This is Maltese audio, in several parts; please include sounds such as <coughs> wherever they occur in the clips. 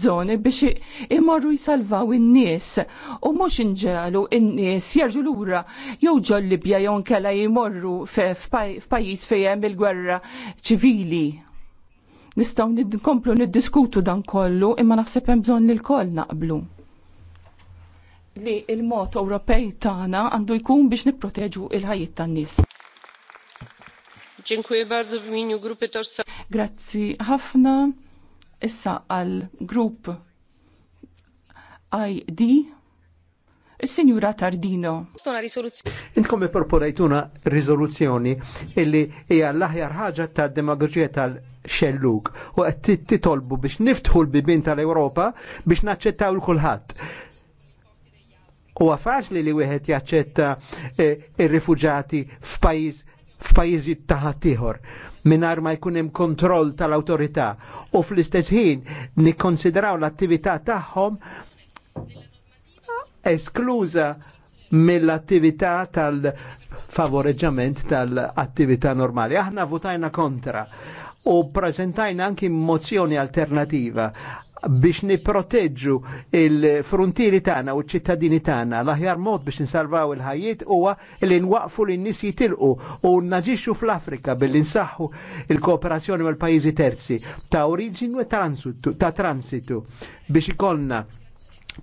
zoni biex imorru jisalvaw in-nies u mhux inġalu in-nies jerġu lura jew ġol-Libja jew nkela jmorru f'pajjiż fejn il-gwerra ċivili. Nistgħu nkomplu niddiskutu dan kollu imma naħseb hemm bżonn li l naqblu li il-mod Ewropej tagħna għandu jkun biex nipproteġu il-ħajjiet tan-nies. Dziękuję bardzo w imieniu grupy Grazzi ħafna issa għal grupp ID Is-Sinjura Tardino. Stona risoluzzjoni. Intkom proporajtuna risoluzzjoni illi hija l-aħjar ħaġa ta' demagogija tal-xelluk u qed titolbu biex niftħu l-bibin tal-Ewropa biex naċċettaw l-kulħadd. Huwa faċli li wieħed jaċċetta eh, ir-rifuġati f'pajjiż f'pajjiżi taħat ieħor minar ma jkun hemm kontroll tal-awtorità u fl-istess ħin nikkonsidraw l-attività tagħhom eskluża mill-attività tal-favoreġġament tal-attività normali. Aħna votajna kontra u prezentajna anki mozzjoni alternativa biex niproteġġu il-frontieri tagħna u ċ-ċittadini tagħna l-aħjar mod biex insalvaw il-ħajjiet huwa li nwaqfu li n-nies jitilqu u naġixxu fl-Afrika billi nsaħħu il-kooperazzjoni mal-pajjiżi terzi ta' oriġinu e ta' transitu biex ikollna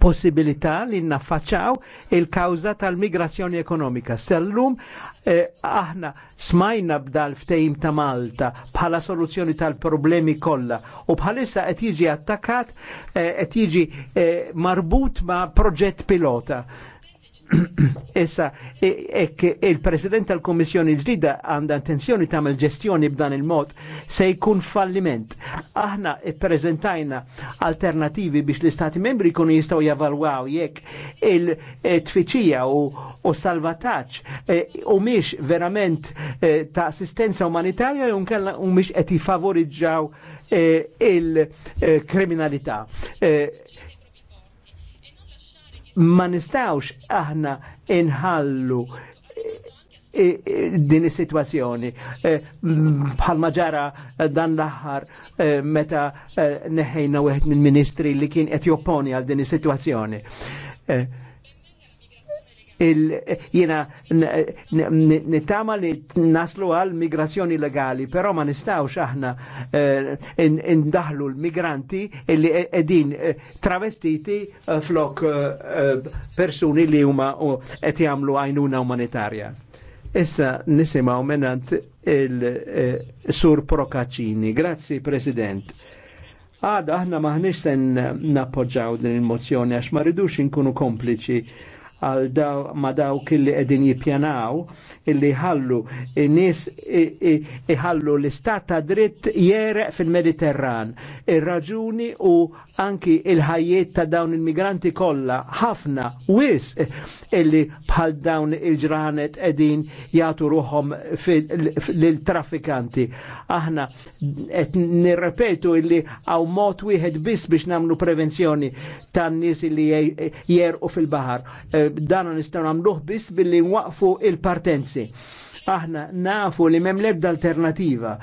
possibilità li naffaċċaw il kawża tal-migrazzjoni ekonomika. Sellum Eh, aħna smajna b'dal ftejim ta' Malta bħala soluzzjoni tal-problemi kollha u bħalissa qed jiġi attakkat eh, qed jiġi eh, marbut ma' proġett pilota. <clears throat> Issa, e, il-President tal-Kommissjoni ġdida għanda intenzjoni tagħmel ġestjoni b'dan il-mod se jkun falliment. Aħna prezentajna alternativi biex l-Istati membri kunu jistgħu javalwaw jekk il tfiċija u salvataġġ e, u miex verament e, ta' assistenza umanitarja u miex qed jifavoriġġaw il-kriminalità ma nistawx aħna inħallu eh, eh, din is-sitwazzjoni eh, bħalma ġara dan l-aħħar meta neħejna wieħed mill-ministri li kien qed jopponi għal din is-sitwazzjoni jina nittama li naslu għal migrazzjoni legali, pero ma nistawx aħna eh, indaħlu l-migranti illi edin eh, travestiti eh, flok persuni li huma qed jagħmlu għajnuna umanitarja. Issa nisimaw menant il-sur Procaccini. Grazzi, President. Għada, aħna maħnix sen nappoġġaw din il-mozzjoni għax ma rridux inkunu kompliċi għal daw ma dawk li qegħdin jippjanaw illi ħallu nis nies iħallu l-istat ta' dritt jereq fil-Mediterran. Ir-raġuni u anki il-ħajiet ta' dawn il-migranti kollha ħafna wis eh, illi bħal dawn il-ġranet edin jagħtu ruhom l traffikanti Aħna qed nirrepetu illi għaw mot wieħed biss biex nagħmlu prevenzjoni tan-nies illi jerqu fil-baħar. Eh, Dan nistgħu nagħmluh biss billi nwaqfu il-partenzi. Aħna nafu li m'hemm l-ebda alternativa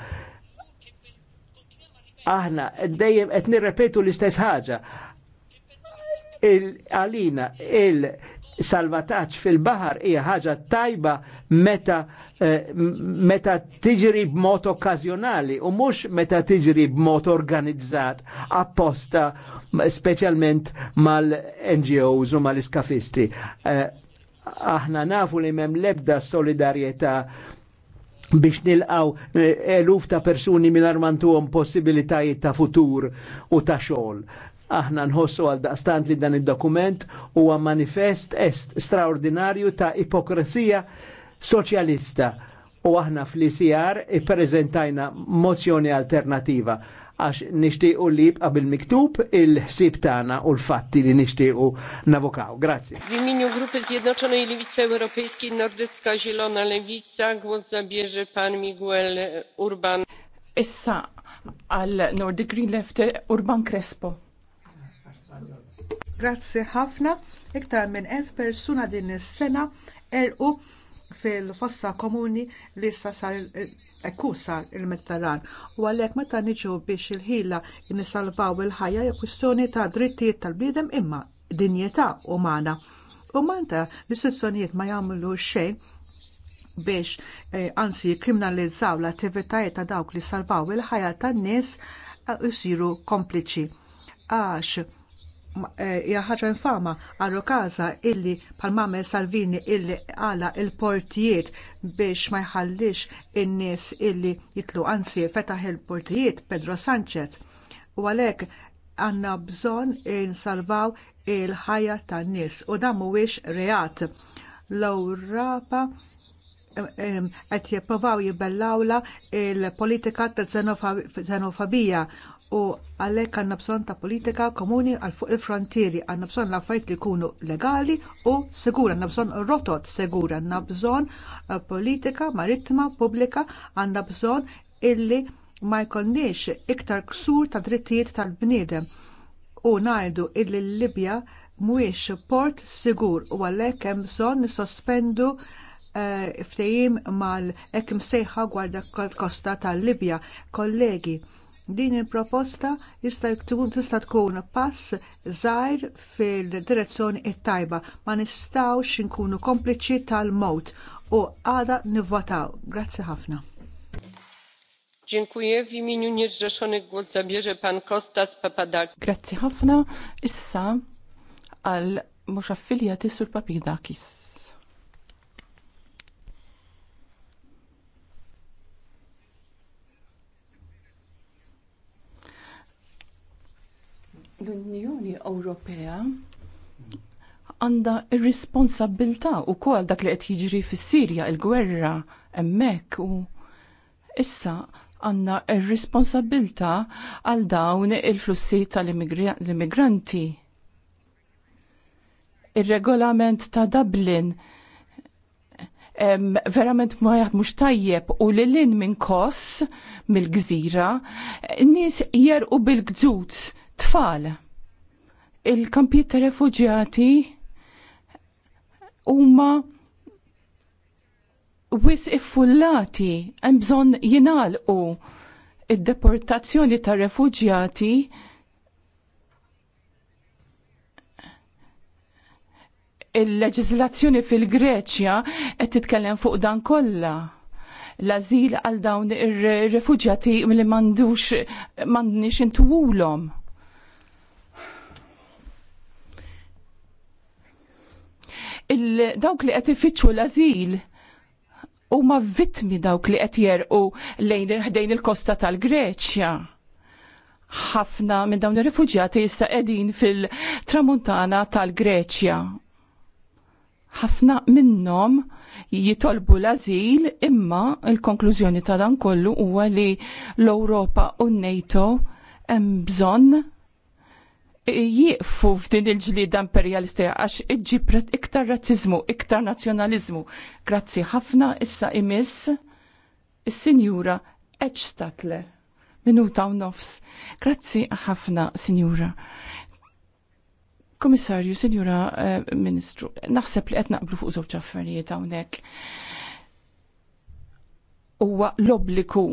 aħna dejjem qed nirrepetu l-istess ħaġa. Għalina il salvataċ fil-bahar hija ħaġa tajba meta eh, meta tiġri b'mod okkażjonali u mhux meta tiġri b'mod organizzat apposta speċjalment mal-NGOs u mal-iskafisti. Eh, aħna nafu li mem lebda solidarjetà biex nilqaw eh, eluf ta' persuni minn armantuhom possibilitajiet ta' futur u ta' xogħol. Aħna nħossu għal daqstant li dan id-dokument huwa manifest est straordinarju ta' ipokresija soċjalista u aħna fl-ICR ippreżentajna mozzjoni alternativa għax nishtiqu li jibqa bil-miktub il-ħsib tagħna u l-fatti li nishtiqu navokaw. Grazzi. W imieniu Grupy Zjednoczonej Lewicy Europejskiej Nordycka Zielona Lewica głos zabierze pan Miguel Urban. Issa għal Nordic Green Left Urban Crespo. Grazzi ħafna, iktar minn elf persuna din is-sena erqu fil-fossa komuni li issa sar ekku il-Mediterran. U għalhekk meta niġu biex il-ħila nisalvaw il-ħajja hija kwistjoni ta' drittijiet tal-bliedem imma dinjità umana. U manta l-istituzzjonijiet ma jagħmlu xejn biex eh, anzi jikriminalizzaw l-attivitajiet ta' dawk li salvaw il-ħajja tan-nies isiru eh, kompliċi. Għax Eh, ja ħaġa infama għarru kaza illi pal-mamel Salvini illi għala il-portijiet biex ma jħallix in-nies illi jitlu anzi fetaħ il-portijiet Pedro Sanchez. U għalhekk għandna bżonn insalvaw il-ħajja tan-nies u dan mhuwiex reat. L-Ewropa qed jippruvaw jibellawla l politika ta' xenofabija u għalhekk għandna bżonn ta' politika komuni għal fuq il-frontieri, għandna bżonn l-affarijiet li jkunu legali u segura, għandna bżonn rotot segura, għandna bżonn eh, politika marittima pubblika, għandna bżonn illi ma jkollniex iktar ksur ta' drittijiet tal-bniedem u ngħidu illi l-Libja mhuwiex port sigur u għalhekk hemm bżonn nisospendu eh, ftehim mal hekk imsejħa gwarda kosta tal-Libja. Kollegi, Din il-proposta tista' tkun pass żgħir fil-direzzjoni it-tajba ma nistgħux inkunu kompliċi tal-mod u għada nivvotaw. Grazzi ħafna. Dziękuję. W imieniu niezrzeszonych głos zabierze pan Kostas Papadak. Grazzi ħafna. Issa għal mhux affiliati sur papidakis. L-Unjoni Ewropea għandha r-responsabilità wkoll dak li qed jiġri fis-Sirja l gwerra hemmhekk u issa għandha r-responsabilità għal dawn il-flussi tal-immigranti. Ir-regolament ta' Dublin verament ma jaħdmux tajjeb u l lin minn kos mill-gżira, n-nis jerqu bil-gżuz tfal. Il-kampijiet ta' refugjati huma wis iffullati hemm bżonn jingħalqu id-deportazzjoni ta' refuġjati il leġislazzjoni fil-Greċja qed titkellem fuq dan kollha l-azil għal dawn ir-refuġjati li m'għandux m'għandniex intuwulhom. dawk li qed ifittxu l-azil huma vittmi dawk li qed jerqu lejn ħdejn il-kosta tal-Greċja ħafna minn dawn ir-rifuġjati issa qegħdin fil-tramuntana tal-Greċja. Ħafna minnhom jitolbu l-azil imma l konklużjoni ta' dan kollu huwa li l-Ewropa u n-NATO hemm bżonn jieqfu f'din il-ġlida imperialista għax iġġibret iktar razzizmu, iktar nazjonalizmu. Grazzi ħafna issa imiss is-Sinjura Edge Statler. Minuta u nofs. Grazzi ħafna, Sinjura. Komissarju, Sinjura eh, Ministru, naħseb li qed naqblu fuq żewġ affarijiet hawnhekk. Huwa l-obbligu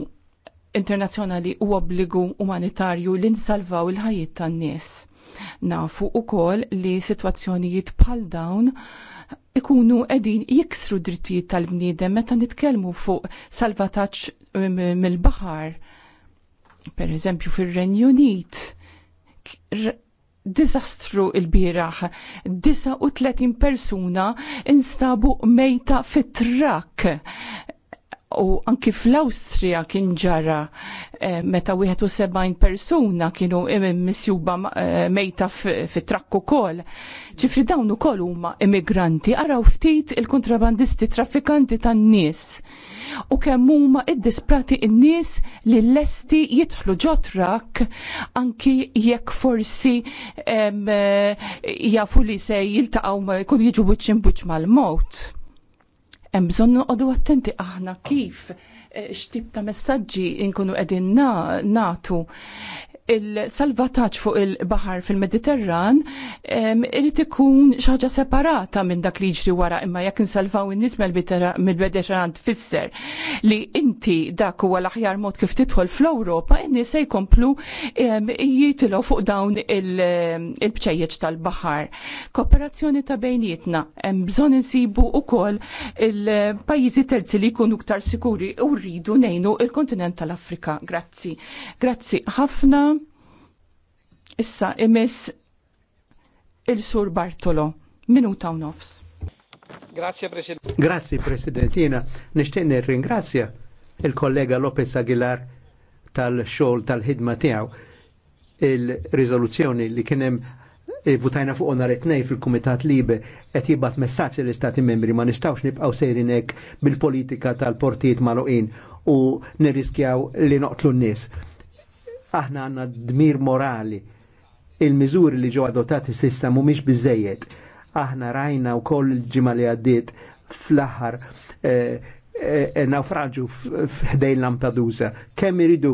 internazzjonali u obbligu umanitarju li nsalvaw il-ħajiet tan-nies Nafu kol li sitwazzjonijiet bħal dawn ikunu edin jiksru drittijiet tal-bniedem meta nitkellmu fuq salvataġġ mill-baħar. Per eżempju fir-Renju Unit, dizastru il-biraħ, 39 persuna instabu mejta fit-trak u anki fl-Awstrija kien ġara eh, wieħed meta 71 persuna kienu eh, misjuba eh, mejta fit trakku kol. Ġifri dawn ukoll huma immigranti araw ftit il-kontrabandisti traffikanti tan-nies. U kemm huma iddisprati n-nies li lesti jidħlu ġotrak anki jekk forsi jafu li se jiltaqgħu jkunu jiġu wiċċ mal-mot Hemm bżonn noqogħdu attenti aħna kif eh, x'tip ta' messaġġi nkunu qegħdin nagħtu il-salvataġġ fuq il-baħar fil-Mediterran irid ikun xi ħaġa separata minn dak li jiġri wara imma jekk insalvaw in-nies mill-Mediterran tfisser li inti dak huwa l-aħjar mod kif tidħol fl-Ewropa in-nies se jkomplu jitilgħu fuq dawn il-bċejjeġ tal-baħar. Kooperazzjoni ta' bejnietna hemm bżonn insibu wkoll il-pajjiżi terzi li jkunu iktar sikuri u rridu ngħinu il-kontinent tal-Afrika. Grazzi. Grazzi ħafna. Issa imis il-Sur Bartolo. Minuta u nofs. Grazie President. Grazie President. Nishtenni ringrazja il-kollega Lopez Aguilar tal-xol tal-ħidma tiegħu il-riżoluzzjoni li kienem eh, votajna fuq onar etnej fil-Kumitat Libe qed jibgħat messaġġ l-Istati Membri ma nistgħux nibqgħu sejrinek bil-politika tal portiet maluqin u nirriskjaw li noqtlu n-nies. Aħna għandna dmir morali il-miżuri li ġew adottati s'issa mhumiex biżejjed. Aħna rajna wkoll il ġimma li għaddiet fl-aħħar eh, eh, eh, naufraġu f'ħdejn Lampedusa. Kemm iridu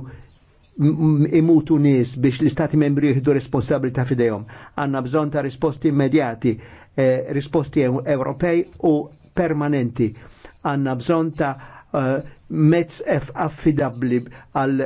imutu nies biex l-istati membri jihdu responsabilità fidejhom. Għandna bżonn ta' risposti immedjati, risposti Ewropej u permanenti. Għandna bżonn ta' Eh, mezz affidabli għal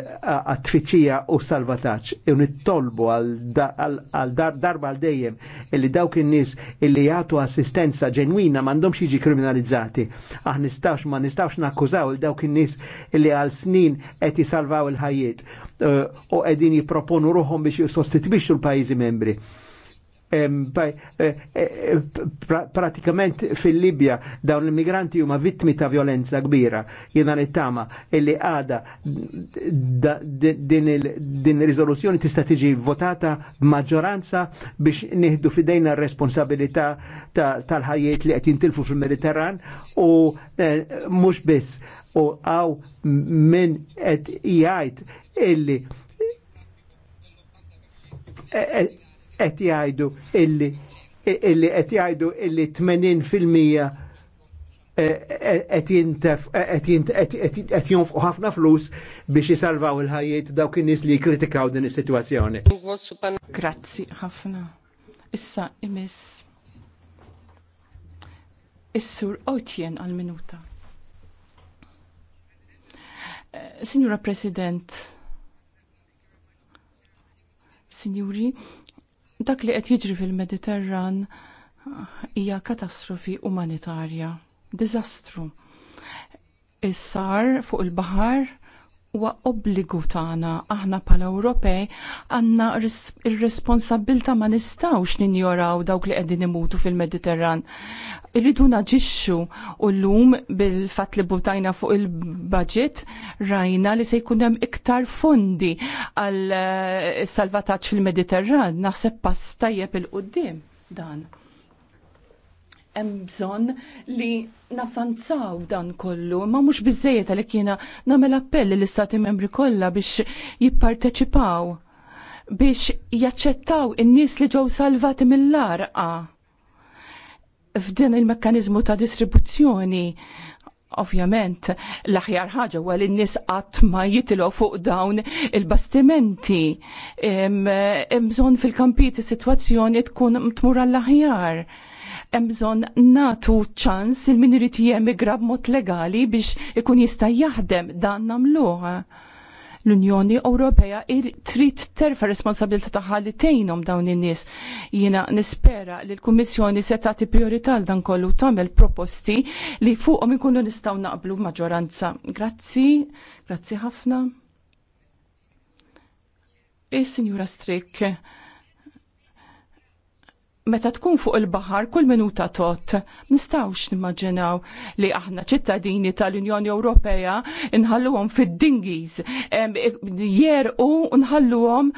tfittxija u salvataċ. U e tolbu għal darba għal dejjem illi dawk in-nies illi jgħatu assistenza ġenwina m'għandhomx jiġi kriminalizzati. Aħ ah, nistax ma nistax nakkużaw il dawk in-nies illi għal snin qed jisalvaw il-ħajjiet eh, u qegħdin jipproponu ruħhom biex jissostitwixxu l-pajjiżi membri. Eh, eh, pratikament fil-Libja dawn l-immigranti huma vittmi ta' violenza kbira. Jiena nittama illi għada din il-riżoluzzjoni tista' tiġi votata b'maġġoranza biex nieħdu fidejna r-responsabilità tal-ħajjiet li qed jintilfu fil-Mediterran u eh, mhux biss u għaw minn qed jgħid illi qed jgħidu illi illi qed jgħidu illi 80 fil-mija eh, eh, qed jintef eh, ħafna flus biex jisalvaw il-ħajjiet dawk in-nies li jikkritikaw din is-sitwazzjoni. Grazzi ħafna. Issa imiss. Is-sur Otjen għal-minuta. Signora President, Signori, dak li qed jiġri fil-Mediterran hija katastrofi umanitarja, diżastru. Is-sar fuq il-baħar huwa obbligu tagħna aħna bħala Ewropej għandna ir-responsabilta ma nistgħux ninjoraw dawk li qegħdin imutu fil-Mediterran. Irridu naġixxu u llum bil-fatt li butajna fuq il-budget rajna li se jkun hemm iktar fondi għal eh, salvataġġ fil-Mediterran naħseb pass tajjeb il-qudiem dan hemm bżonn li nafanzaw dan kollu, ma mhux biżejjed għalhekk jiena nagħmel appell lill-istati membri kollha biex jipparteċipaw biex jaċċettaw in-nies li ġew salvati mill-arqa f'din il-mekkaniżmu ta' distribuzzjoni. Ovvjament, l-aħjar ħaġa huwa li n-nies qatt ma jitilgħu fuq dawn il-bastimenti. Bżonn fil-kampijiet is-sitwazzjoni tkun tmur għall-aħjar hemm bżonn nagħtu ċans il min irid jemigra b'mod legali biex ikun jista' jaħdem dan nagħmluh. L-Unjoni Ewropea trid terfa' responsabilità tagħha li tejnhom dawn in-nies. Jiena nispera li l-Kummissjoni se tagħti priorità għal dan kollu tagħmel proposti li fuqhom ikunu nistgħu naqblu maġġoranza. Grazzi, grazzi ħafna. E Signora Strick, meta tkun fuq il-bahar kull minuta tot, nistawx nimmaġinaw li aħna ċittadini tal-Unjoni Ewropea nħalluhom fid-dingis, jerqu nħalluhom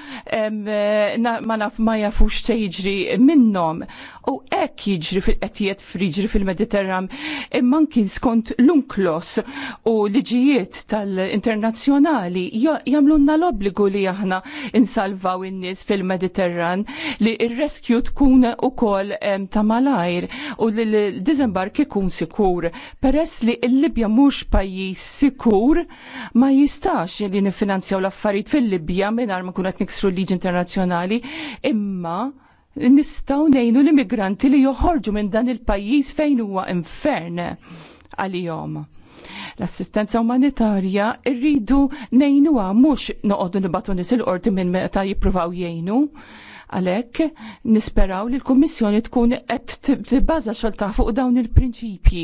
ma naf ma jafux se jiġri minnhom. U hekk jiġri fil-qed friġri fil-Mediterran imma kien skont l-unklos u liġijiet tal-internazzjonali jagħmlunna l-obbligu li aħna insalvaw in-nies fil-Mediterran li r reskju tkun ukoll ta' malajr u li l-dizembark ikun sikur. Peress li l-Libja mhux pajjiż sikur ma jistax li nifinanzjaw l-affarijiet fil-Libja mingħajr ma kun qed niksru l-liġi internazzjonali imma nistaw nejnu l-immigranti li joħorġu minn dan il-pajjiż fejn huwa infern għalihom. L-assistenza umanitarja rridu nejnu mhux noqogħdu nibatu nies il-qorti minn meta jippruvaw jgħinu. Għalhekk nisperaw li l-Kummissjoni tkun qed tibbaża xalta fuq dawn il-prinċipji.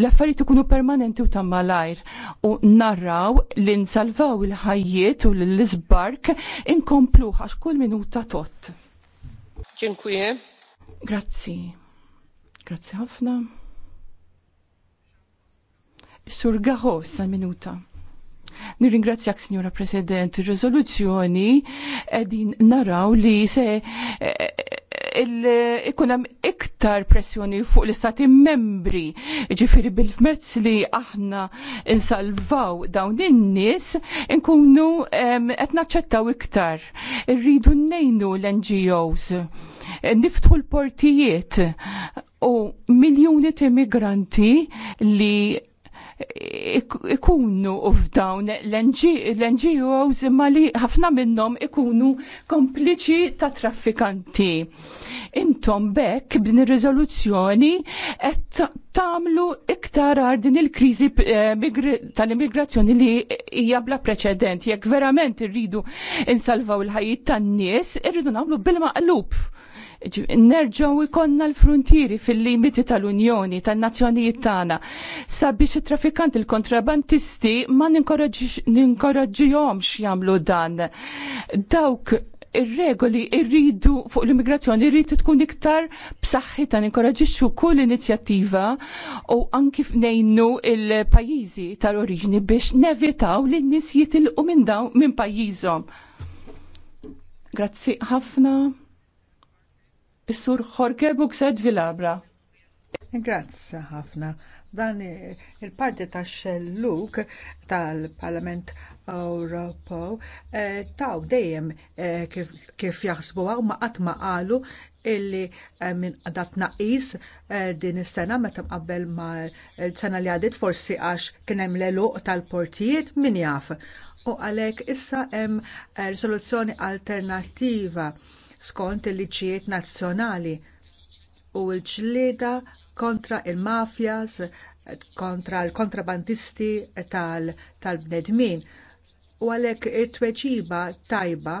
L-affarijiet ikunu permanenti u ta' malajr u narraw li nsalvaw il-ħajjiet u l-isbark inkomplu għax kull minuta tot. Ġinkwie. Grazzi. Grazzi ħafna. Sur Gaho, minuta. Nirringrazzjak, Signora President, il-rezoluzzjoni edin naraw li se eh, eh, ikun hemm iktar pressjoni fuq l-istati membri. Ġifiri bil-mezz li aħna insalvaw dawn in-nies inkunu qed naċċettaw iktar. Irridu nnejnu l-NGOs. Niftħu l-portijiet u miljuni ta' migranti li ikunu f'dawn l-NGOs imma li ħafna minnhom ikunu kompliċi ta' traffikanti. Intom bekk b'din ir-riżoluzzjoni qed tagħmlu iktar għal din il-kriżi eh, tal-immigrazzjoni li hija bla preċedent. Jekk verament irridu insalvaw il-ħajjiet tan-nies, irridu nagħmlu bil-maqlub nerġgħu ikonna l-frontieri fil-limiti tal-Unjoni, tan-nazzjonijiet tagħna sabiex it-traffikanti il-kontrabantisti ma ninkoraġġihomx jagħmlu dan. Dawk ir-regoli irridu fuq l-immigrazzjoni irrid tkun iktar b'saħħitha ninkoraġixxu kull inizjattiva u anki ngħinu il-pajjiżi tal-oriġini biex nevitaw li n-nies jitilqu minn dawn minn pajjiżhom. Grazzi ħafna. Is-sur Jorge Buxed Vilabra. Grazzi ħafna. Dan il-parti tax xelluk tal-Parlament Ewropew eh, taw dejjem eh, kif jaħsbu ma qatt ma qalu illi eh, minn għadat naqis din is-sena meta mqabbel ma l-sena li għadit forsi għax kien hemm l tal-portijiet min jaf. U għalhekk issa hemm risoluzzjoni alternattiva skont il-liġijiet nazzjonali u l-ġlieda kontra il-mafjas, kontra l-kontrabandisti tal-bnedmin. u għalhekk it-tweġiba tajba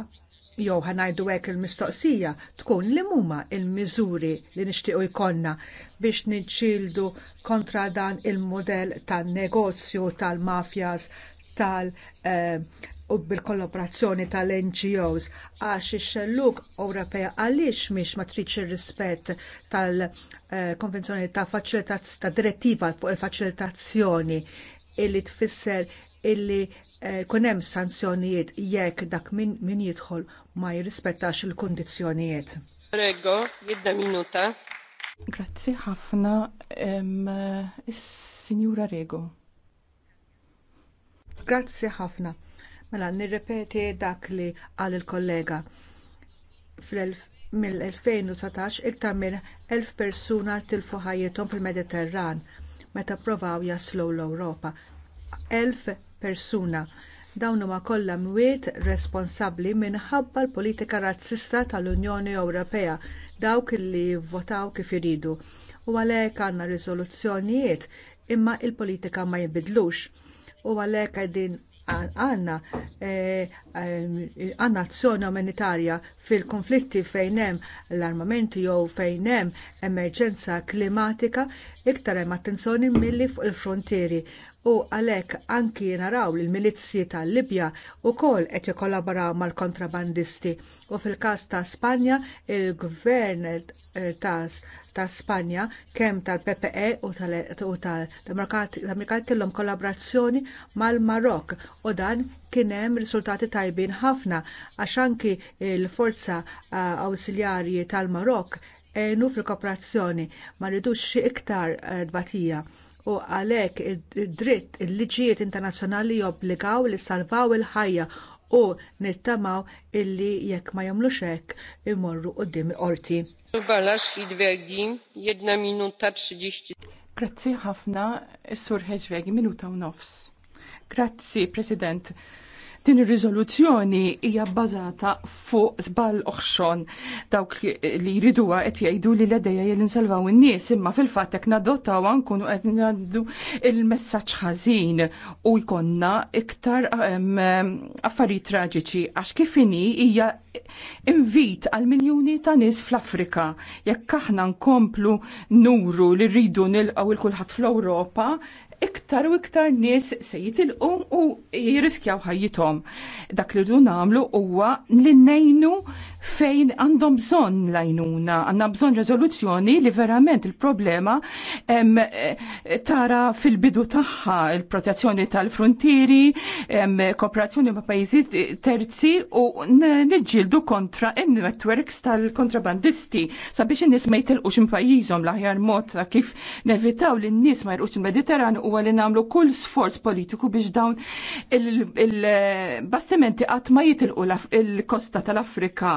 jew ħanajdu hekk il-mistoqsija tkun li huma l miżuri li nixtiequ jkollna biex niġġieldu kontra dan il mudell tan-negozju tal-mafjas tal-, tal eh, u bil-kollaborazzjoni tal-NGOs għax ix-xelluk Ewropea għaliex mhix ma tridx ir-rispett tal-konvenzjoni eh, ta' faċilitazz ta' direttiva fuq il-faċilitazzjoni illi tfisser illi eh, kun hemm sanzjonijiet jekk dak min, min jidħol ma jirrispettax il-kundizzjonijiet. Prego, jidda minuta. Grazzi ħafna, eh, is-Sinjura Rego. Grazzi ħafna. Mela, nirrepeti dak li qal il-kollega. fl 2019 iktar minn 1000 persuna tilfu ħajjithom fil-Mediterran meta pprovaw jaslu l-Ewropa. 1000 persuna dawn huma kollha mwiet responsabbli minħabba l-politika razzista tal-Unjoni Ewropea dawk li votaw kif iridu. U għalhekk għandna riżoluzzjonijiet imma l politika ma jibidlux. U għalhekk qegħdin għandna għanna zona eh, eh, umanitarja fil-konflitti fejn hemm l-armamenti jew fejn hemm emerġenza klimatika iktar hemm attenzjoni milli fuq il-frontieri u għalhekk anki naraw li l-milizzi tal-Libja wkoll qed jikkollaboraw mal-kontrabandisti u fil-każ ta' Spanja il-gvern eh, ta' Spanja kemm tal-PPE u tal-Amerikati tillhom kollaborazzjoni mal marok u dan kien hemm riżultati tajbin ħafna għax anki l forza eh, awsiljarji tal marok għenu fil-kooperazzjoni ma rridux xi iktar eh, dbatija u għalhekk id-dritt il-liġijiet internazzjonali jobbligaw li salvaw il-ħajja u nittamaw illi jekk ma jagħmlux hekk imorru quddiem il-qorti. Grazzi ħafna, Sur Heġvegi, minuta u nofs. Grazzi, President. Din ir-riżoluzzjoni hija bbażata fuq żball oħxon dawk li jriduha qed jgħidu li l-edeja jel insalvaw in-nies imma fil-fatt hekk nadottaw nkunu qed ngħaddu il-messaġġ ħażin u jkollna iktar ehm, affarijiet traġiċi għax kif inhi hija invit għal miljuni ta' nies fl-Afrika jekk aħna nkomplu nuru li rridu nilqgħu il kulħadd fl-Ewropa iktar u iktar nies se jitilqu u jiriskjaw ħajjithom. Dak li rridu nagħmlu huwa li nejnu fejn għandhom bżon lajnuna, għandhom bżon rezoluzzjoni li verament il-problema eh, tara fil-bidu tagħha il-protezzjoni tal-frontieri, kooperazzjoni ma' pajjiżi terzi u niġġieldu kontra in-networks tal-kontrabandisti sabiex in-nies ma jitilqux minn pajjiżhom l-aħjar mod ta' kif nevitaw li n-nies ma jirqux il-Mediterran huwa li nagħmlu kull sforz politiku biex dawn il-bastimenti qatt ma jitilqu il-kosta tal-Afrika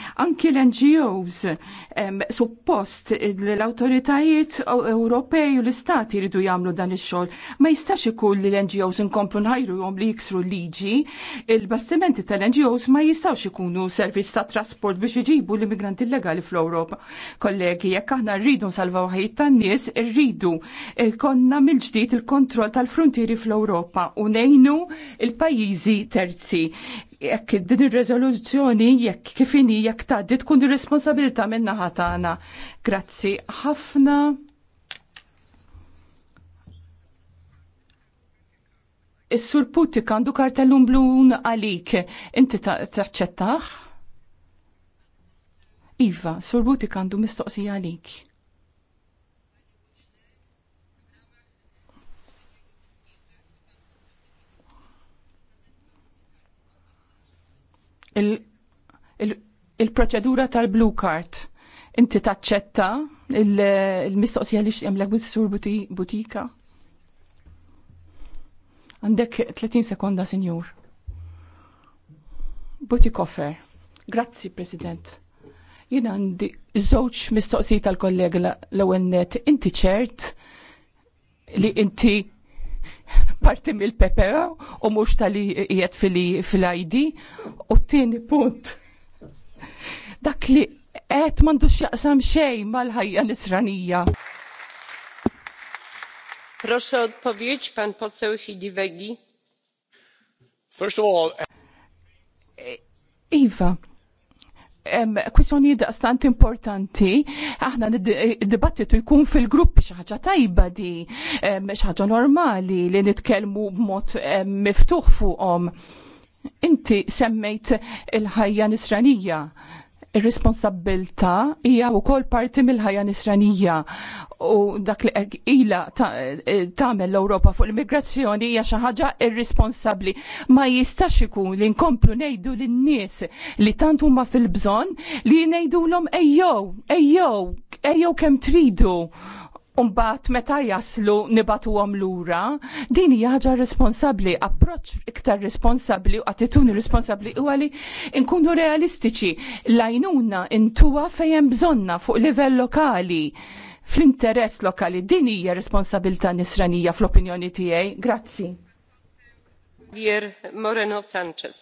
Anki l-NGOs suppost l-autoritajiet Ewropej u l-istati jridu jagħmlu dan ix-xogħol. Ma jistax ikun li l-NGOs inkomplu nħajruhom li jiksru l-liġi, il-bastimenti tal-NGOs ma jistax ikunu servizz ta' trasport biex iġibu l-immigranti illegali fl-Ewropa. Kollegi, jekk aħna rridu nsalvaw ħajt tan-nies, rridu eh, konna mill-ġdid il-kontroll tal-frontieri fl-Ewropa u nejnu il-pajjiżi terzi. Jekk din ir-reżoluzzjoni jekk kif inhi jekk jekk tgħaddi tkun ir-responsabilità minn naħa tagħna. Grazzi ħafna. Is-sur Putik għandu kartellum blun għalik. Inti taċċettaħ? Iva, sur Putik għandu mistoqsija għalik. il, il il-proċedura tal-blue card. Inti taċċetta il-mistoqsija li x'jemlek bis-sur butika? Għandek 30 sekonda, sinjur. Butikoffer. Grazzi, President. Jien għandi żewġ mistoqsijiet tal-kollega l-ewwel net. Inti ċert li inti parti mill-PPE u mhux tal-li fil-ID u t-tieni punt Dak li qed m'għandux x'jaqsam xejn mal-ħajja nisranija. Proszę o odpowiedź, pan poseł Hidiwegi. First of all... Eh, iva, kwistjoni daqstant importanti, aħna dibattitu jkun fil-grupp xaħġa tajba di, xaħġa normali li nitkelmu b'mod miftuħ fuqhom. Inti semmejt il-ħajja nisranija ir-responsabilta hija wkoll parti mill-ħajja nisranija u dak li ila tagħmel l-Ewropa fuq l-immigrazzjoni hija xi ħaġa irresponsabbli. Ma jistax ikun li nkomplu ngħidu lin-nies li tant huma fil-bżonn li ngħidulhom ejjew, ejjew, ejjew kemm tridu Umbat meta jaslu nibatu għom lura, din jaġa responsabli, approċ iktar responsabli u attituni responsabli u għali inkunu realistiċi, lajnuna intuwa fejem bżonna fuq livell lokali fl-interess lokali din hija responsabilta nisranija fl-opinjoni tiegħi. Grazzi. Javier Moreno Sanchez.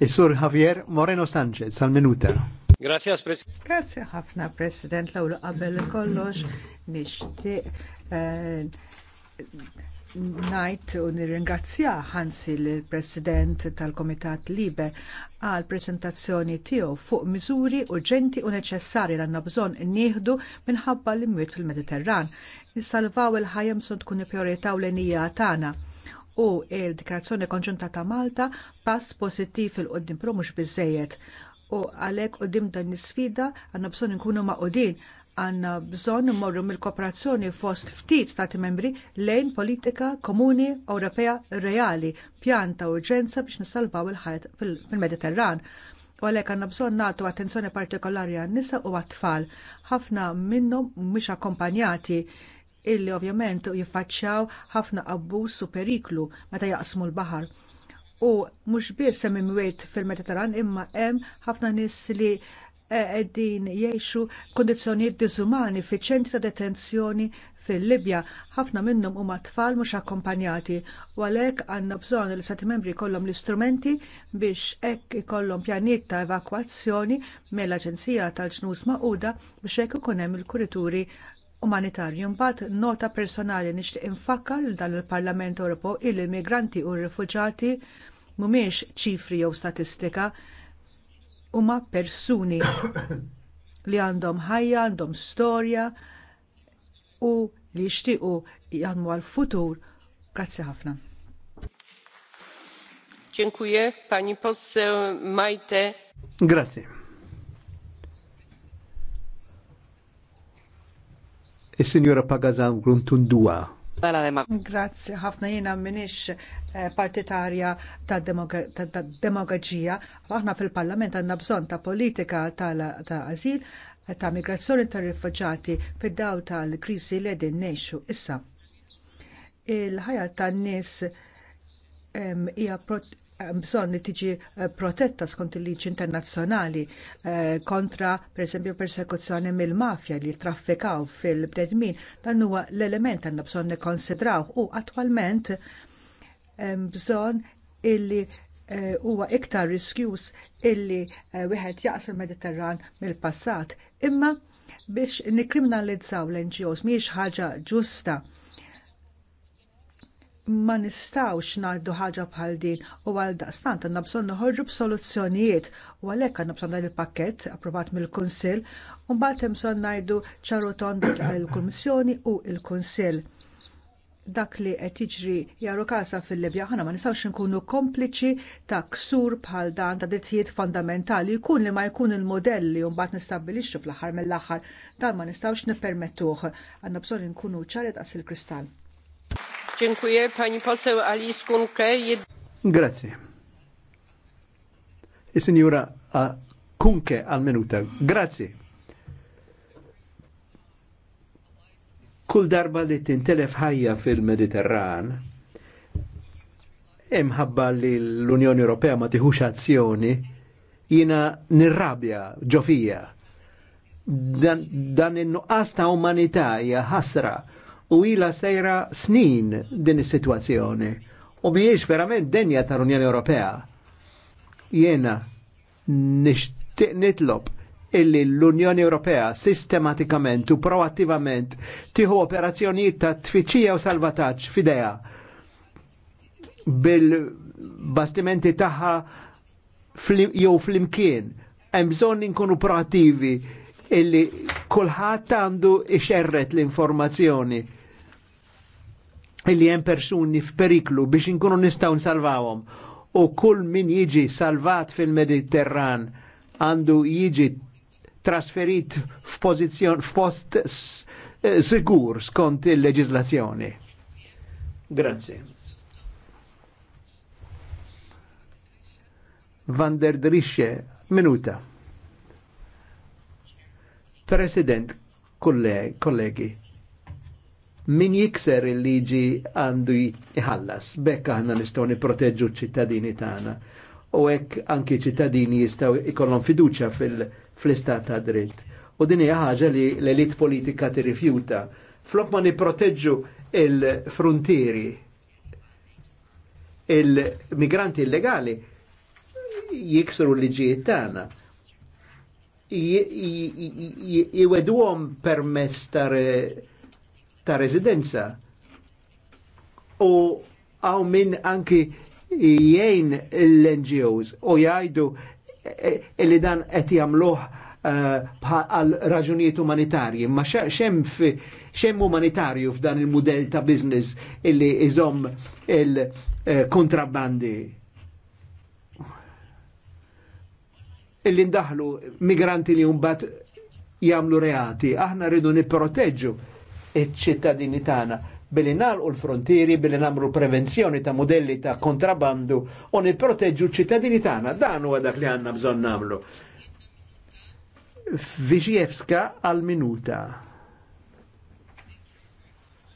Isur sur Javier Moreno Sanchez, sal-minuta. Grazie, President. ħafna, President. L-għu qabel kollox nixtieq eh, najt u nirringrazzja ħansi l-President tal-Komitat Libe għal prezentazzjoni tiegħu fuq miżuri urġenti u neċessarji għandna bżonn nieħdu minħabba l mwiet fil-Mediterran. Nissalvaw il-ħajjem sunt tkun priorità u l-enija tagħna u l dikrazzjoni konġunta ta' Malta pass pożittiv fil-qoddim pro mhux biżżejjed u għalhekk quddiem dan l-isfida għandna bżonn inkunu maqudin għandna bżonn immorru mill-kooperazzjoni fost ftit stati membri lejn politika komuni Ewropea reali, pjan ta' urġenza biex nissalvaw il-ħajt fil-Mediterran. U għalhekk għandna bżonn nagħtu attenzjoni partikolari għan-nisa u għat-tfal. Ħafna minnhom mhux akkompanjati illi ovvjament jiffaċċjaw ħafna abbuż u periklu meta jaqsmu l-baħar u mhux biss hemm imwiet fil-Mediterran imma hemm ħafna nies li eh, qegħdin jgħixu kundizzjonijiet diżumani fi ċentri ta' detenzjoni fil-Libja. Ħafna minnhom huma tfal mhux akkompanjati u għalhekk għandna bżonn li stati membri jkollhom l-istrumenti biex hekk ikollhom pjanijiet ta' evakwazzjoni mill-Aġenzija tal-Ġnus Magħquda biex hekk ikun hemm il-kurituri umanitarju. Mbagħad nota personali nixtieq infakkar li dan il-Parlament Ewropew il immigranti u r-rifuġati mhumiex ċifri jew statistika huma persuni <coughs> li għandhom ħajja, għandhom storja u li jixtiequ jaħdmu għall futur Grazzi ħafna. Dziękuję pani poseł Majte. Grazie. il sinjora Pagazan Gruntundua. Grazzi, ħafna jina minix eh, partitarja ta' demagogija. Aħna fil-Parlament għandna bżonn ta' politika ta' azil, ta' migrazzjoni ta' rifugġati fid-daw tal-krisi li qegħdin neċu issa. Il-ħajja tan-nies hija bżonn li tiġi eh, protetta skont il-liġi internazzjonali eh, kontra pereżempju persekuzzjoni mill-mafja li traffikaw fil-bnedmin dan huwa l-element għandna bżonn nikkonsidraw u attwalment bżonn illi eh, huwa iktar riskjus illi wieħed jaqsam mediterran mill-passat imma biex nikkriminalizzaw l-NGOs mhijiex ħaġa ġusta ma nistgħux ngħaddu ħaġa bħal din u għaldaqstant għandna bżonn noħorġu b'soluzzjonijiet u għalhekk għandna bżonn dan il-pakkett approvat mill-Kunsill u mbagħad hemm bżonn ngħidu ċaru tond il-Kummissjoni u l-Kunsill. Dak li qed jiġri jaru każa fil-Libja ħana ma nistgħux inkunu kompliċi ta' ksur bħal dan ta' drittijiet fondamentali jkun li ma jkun il-modell li mbagħad nistabbilixxu fl-aħħar mill-aħħar dan ma nistgħux nippermettuh. Għandna bżonn inkunu ċari daqs il-kristall. Dziękuję. Pani poseł Alice Kunke. Grazie. E signora a Kunke al minuta. Grazie. Kull darba li tintelef ħajja fil-Mediterran, imħabba li l-Unjoni Ewropea ma tiħux azzjoni, jina nirrabja ġofija. Dan, dan in-nuqqas ta' umanità hija ħasra u ila sejra snin din is-sitwazzjoni u mhijiex verament denja tal-Unjoni Ewropea. Jiena nixtieq nitlob illi l-Unjoni Ewropea sistematikament u proattivament tieħu operazzjonijiet ta' tfittxija u salvataġġ fidea bil-bastimenti tagħha jew flimkien hemm bżonn inkunu proattivi illi kulħadd għandu iċerret l-informazzjoni illi hemm persuni f'periklu biex inkunu nistgħu nsalvawhom. U kull min jiġi salvat fil-Mediterran għandu jiġi trasferit f'pozizjon f'post sigur skont il-leġislazzjoni. Grazie. Van der Drische, minuta. President, kollegi, min jikser il-liġi għandu jħallas, bekka ħna nistgħu proteġu ċittadini tagħna u hekk anki ċittadini jistaw ikollon fiduċa fil istat ta' dritt. U din hija ħaġa li l-elit politika tirrifjuta. Flok ma niprotegġu il-frontieri il-migranti illegali jiksru l-liġijiet tagħna jiweduhom permess ta' residenza. U għaw minn anki jgħin l-NGOs u jgħajdu illi dan qed jagħmluh bħal raġunijiet umanitarji, ma xem xemm umanitarju f'dan il-modell ta' business illi iżom il-kontrabbandi. illi ndaħlu migranti li jumbat jamlu reati. Aħna rridu nipproteġu iċ-ċittadini tagħna billi nalqu l-frontieri, billi namlu prevenzjoni ta' modelli ta' kontrabandu u l ċittadini tagħna. Dan huwa dak li għandna bżonn nagħmlu. Viġjevska għal minuta.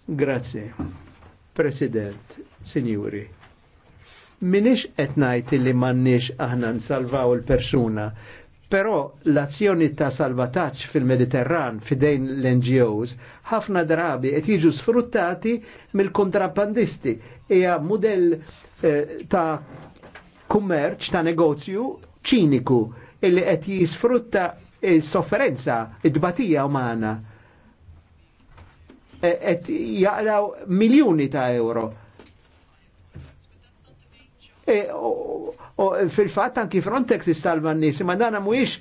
Grazie. President, signori minix etnajt li mannix aħna nsalvaw il-persuna. Però l-azzjoni ta' salvataċ fil-Mediterran fidejn l-NGOs ħafna drabi qed jiġu sfruttati mill-kontrabbandisti. Hija model eh, ta' kummerċ ta' negozju ċiniku illi qed jisfrutta il-sofferenza, id-batija umana. E, qed jaqlaw miljuni ta' euro E, fil-fatt anki Frontex jissalva n-nies, ma dan mhuwiex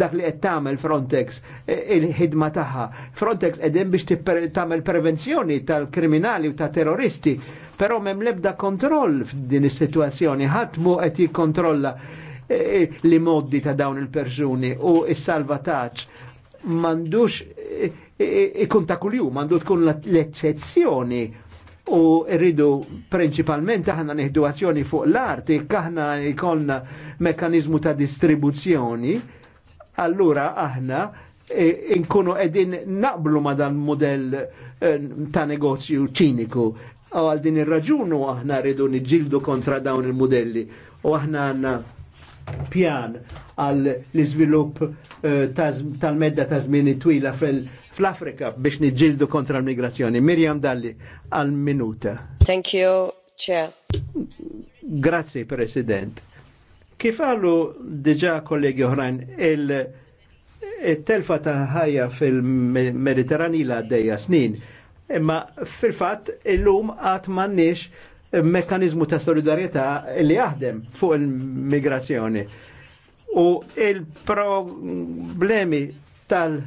dak li qed tagħmel Frontex e, il-ħidma tagħha. Frontex qegħdin biex tagħmel prevenzjoni tal-kriminali u ta' terroristi, però m'hemm l-ebda kontroll f'din is-sitwazzjoni, ħadd mu qed jikkontrolla e, li moddi ta' dawn il-persuni u s-salvataġġ mandux ikun ta' kuljum, mandu tkun l-eccezzjoni u rridu principalment aħna neħdu azzjoni fuq l-artik aħna jkollna mekanizmu ta' distribuzzjoni, allura aħna e, inkunu edin naqblu ma dan model e, ta' negozju ċiniku. U għal din ir-raġunu aħna rridu niġġildu kontra dawn il-modelli. U aħna għanna pjan għal l izvilup e, tal-medda ta' żmieni twila fil- fl-Afrika biex niġġieldu kontra l-migrazzjoni. Mirjam Dalli, għal-minuta. Thank you, Chair. Grazzi, President. Kif għallu diġa kollegi oħrajn il-telfa ta' ħajja fil-Mediterrani la' għaddeja snin, imma fil-fat il-lum għat mannix mekanizmu ta' solidarieta li jaħdem fuq il-migrazzjoni. U il-problemi tal-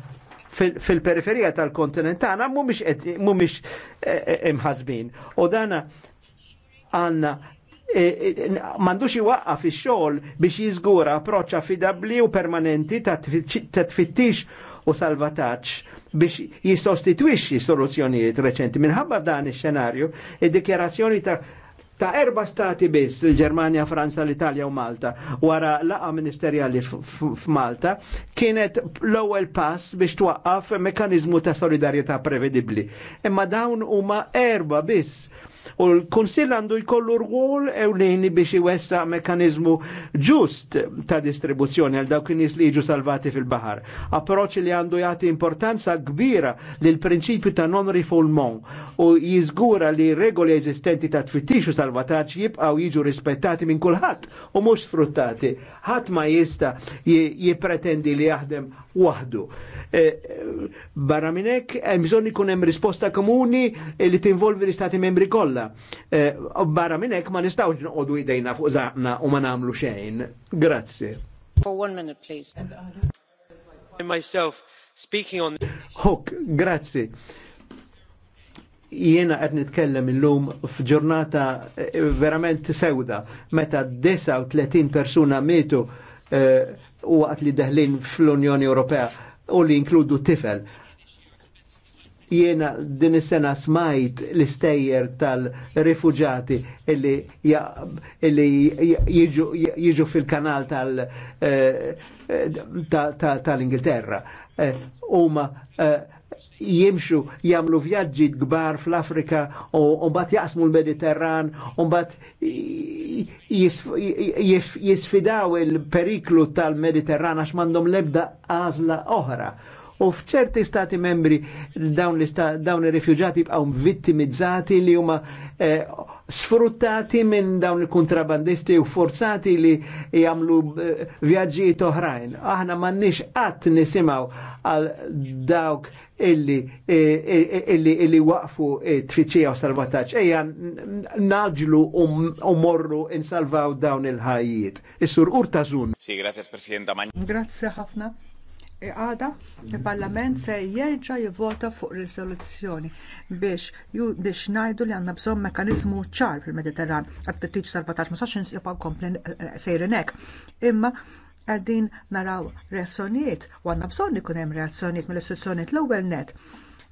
fil-periferija tal-kontinent tagħna mhumiex mhumiex eh, eh, imħasbin. U dana għandna eh, mandux iwaqqaf ix xogħol biex jiżgura approċċ affidabbli u permanenti ta' tfittix u salvataġġ biex jisostitwixxi soluzzjonijiet reċenti. Minħabba dan ix-xenarju, id-dikjarazzjoni ta' ta' erba stati biss, il-Germania, Franza, l-Italja u Malta, wara laqa ministerjali f'Malta, kienet l-ewwel pass biex twaqqaf mekanizmu ta' solidarjetà prevedibbli. Imma dawn huma erba biss U l konsil għandu jkollu rwol ewlejni biex iwessa mekanizmu ġust ta' distribuzzjoni għal dawk nies li jiġu salvati fil-bahar. Approċ li għandu jagħti importanza kbira lil prinċipju ta' non rifulmon u jiżgura li regoli eżistenti ta' tfittix u salvataġġ jibqgħu jiġu rispettati minn kulħadd u mhux sfruttati. Ħadd ma jista' jipretendi li jaħdem waħdu. E, barra minnek, hekk bżonn ikun hemm risposta komuni li tinvolvi l-istati membri kollha. E, barra minnek ma nistgħux noqogħdu idejna fuq żaqna u ma nagħmlu xejn. Grazzi. For one minute, please. myself speaking on Hook, grazzi. Jiena qed nitkellem illum f'ġurnata e, verament sewda meta 39 persuna mietu u għat li daħlin fl-Unjoni Ewropea u li inkludu tifel. Jiena din is-sena smajt l-istejjer tal-rifuġati illi, jiġu, fil-kanal eh, eh, tal-Ingilterra. Eh, tal, tal, eh, jimxu jamlu vjaġġi gbar fl-Afrika u mbagħad jaqsmu l-Mediterran u mbagħad jisfidaw il-periklu tal-Mediterran għax m'għandhom lebda għażla oħra u fċerti stati membri dawn, dawn il-rifjuġati bqaw vittimizzati li huma eh, sfruttati minn dawn il-kontrabandisti u forzati li jamlu eh, vjaġġijiet oħrajn. Aħna m'għandniex qatt nisimgħu għal dawk illi eh, eh, illi illi waqfu tfittxija u salvataċ. Eja, naġlu u morru insalvaw dawn il-ħajjiet. Issur, Urtażun. Si, grazie Presidenta. Grazie ħafna għada il-Parlament se jerġa' jivvota fuq risoluzzjoni biex biex ngħidu li għandna bżonn mekkaniżmu ċar fil-Mediterran għat tittiġ tal-14 ma sax jibgħu komplen eh, eh, sejrin hekk. Imma qegħdin naraw reazzjonijiet u għandna bżonn ikun hemm reazzjonijiet mill-istituzzjonijiet l-ewwel net.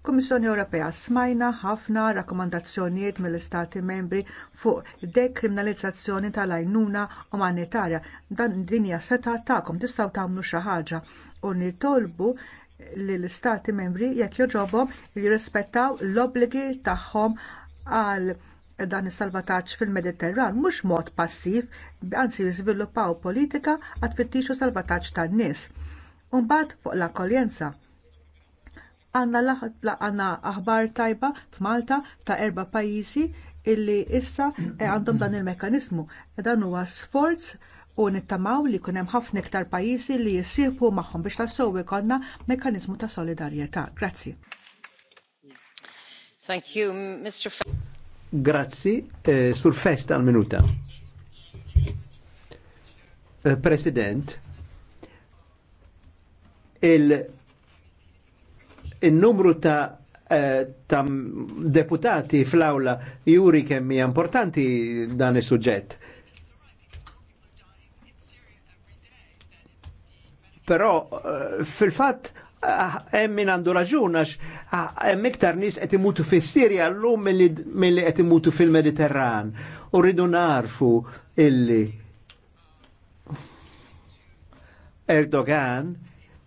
Kummissjoni Ewropea smajna ħafna rakkomandazzjonijiet mill-Istati membri fuq dekriminalizzazzjoni tal-għajnuna umanitarja. Dan din hija seta' tagħkom tistgħu tagħmlu xi ħaġa u nitolbu lill istati membri jekk joġobhom jirrispettaw l obbligi tagħhom għal dan is-salvataġġ fil-Mediterran mhux mod passiv, anzi jiżviluppaw politika għad fittixu salvataġġ tan-nies. U mbagħad fuq l-akkoljenza. Għandna aħbar tajba f'Malta ta' erba' pajjiżi illi issa eh, għandhom dan il mekkaniżmu Dan huwa sforz u nittamaw li jkun hemm ħafna iktar pajjiżi li jissieħbu magħhom biex tassew ikollna mekkaniżmu ta' solidarjetà. Grazzi. Thank you, Mr. Fe Grazzi, eh, sur fest għal minuta. Eh, President, il, il numru ta' eh, ta' deputati fl-awla juri kemm hija importanti dan is-suġġett Però eh, fil-fatt eh, hemm min għandu raġun għax eh, hemm iktar nies qed imutu fis-Sirja llum milli qed imutu fil-Mediterran. U rridu narfu illi Erdogan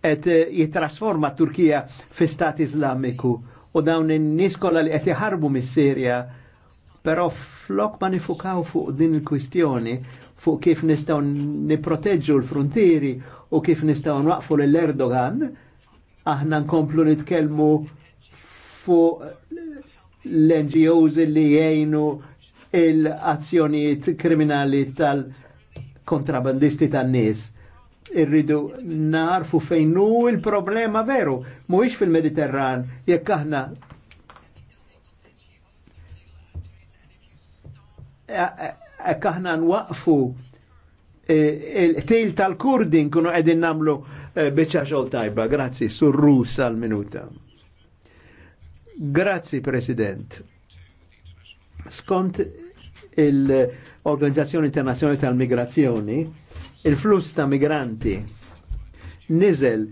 qed jitrasforma Turkija fi stat Islamiku u dawn in-nies kollha li qed jħarbu mis-Sirja Però flok ma nifukaw fuq din il-kwistjoni, fuq kif nistaw niproteġġu l-frontieri u kif nistaw nwaqfu l-Erdogan, aħna nkomplu nitkelmu fuq l-NGOs li jgħinu il-azzjonijiet kriminali tal-kontrabandisti tan-nies. Irridu narfu fejnu il-problema veru, mhuwiex fil-Mediterran, jekk aħna kaħna nwaqfu eh, il-til tal kurdin kunu għedin namlu eh, bieċa xol tajba. Grazzi, surrus għal-minuta. Grazzi, President. Skont il-Organizzazzjoni Internazzjonali tal-Migrazzjoni, il-flus ta' migranti nizel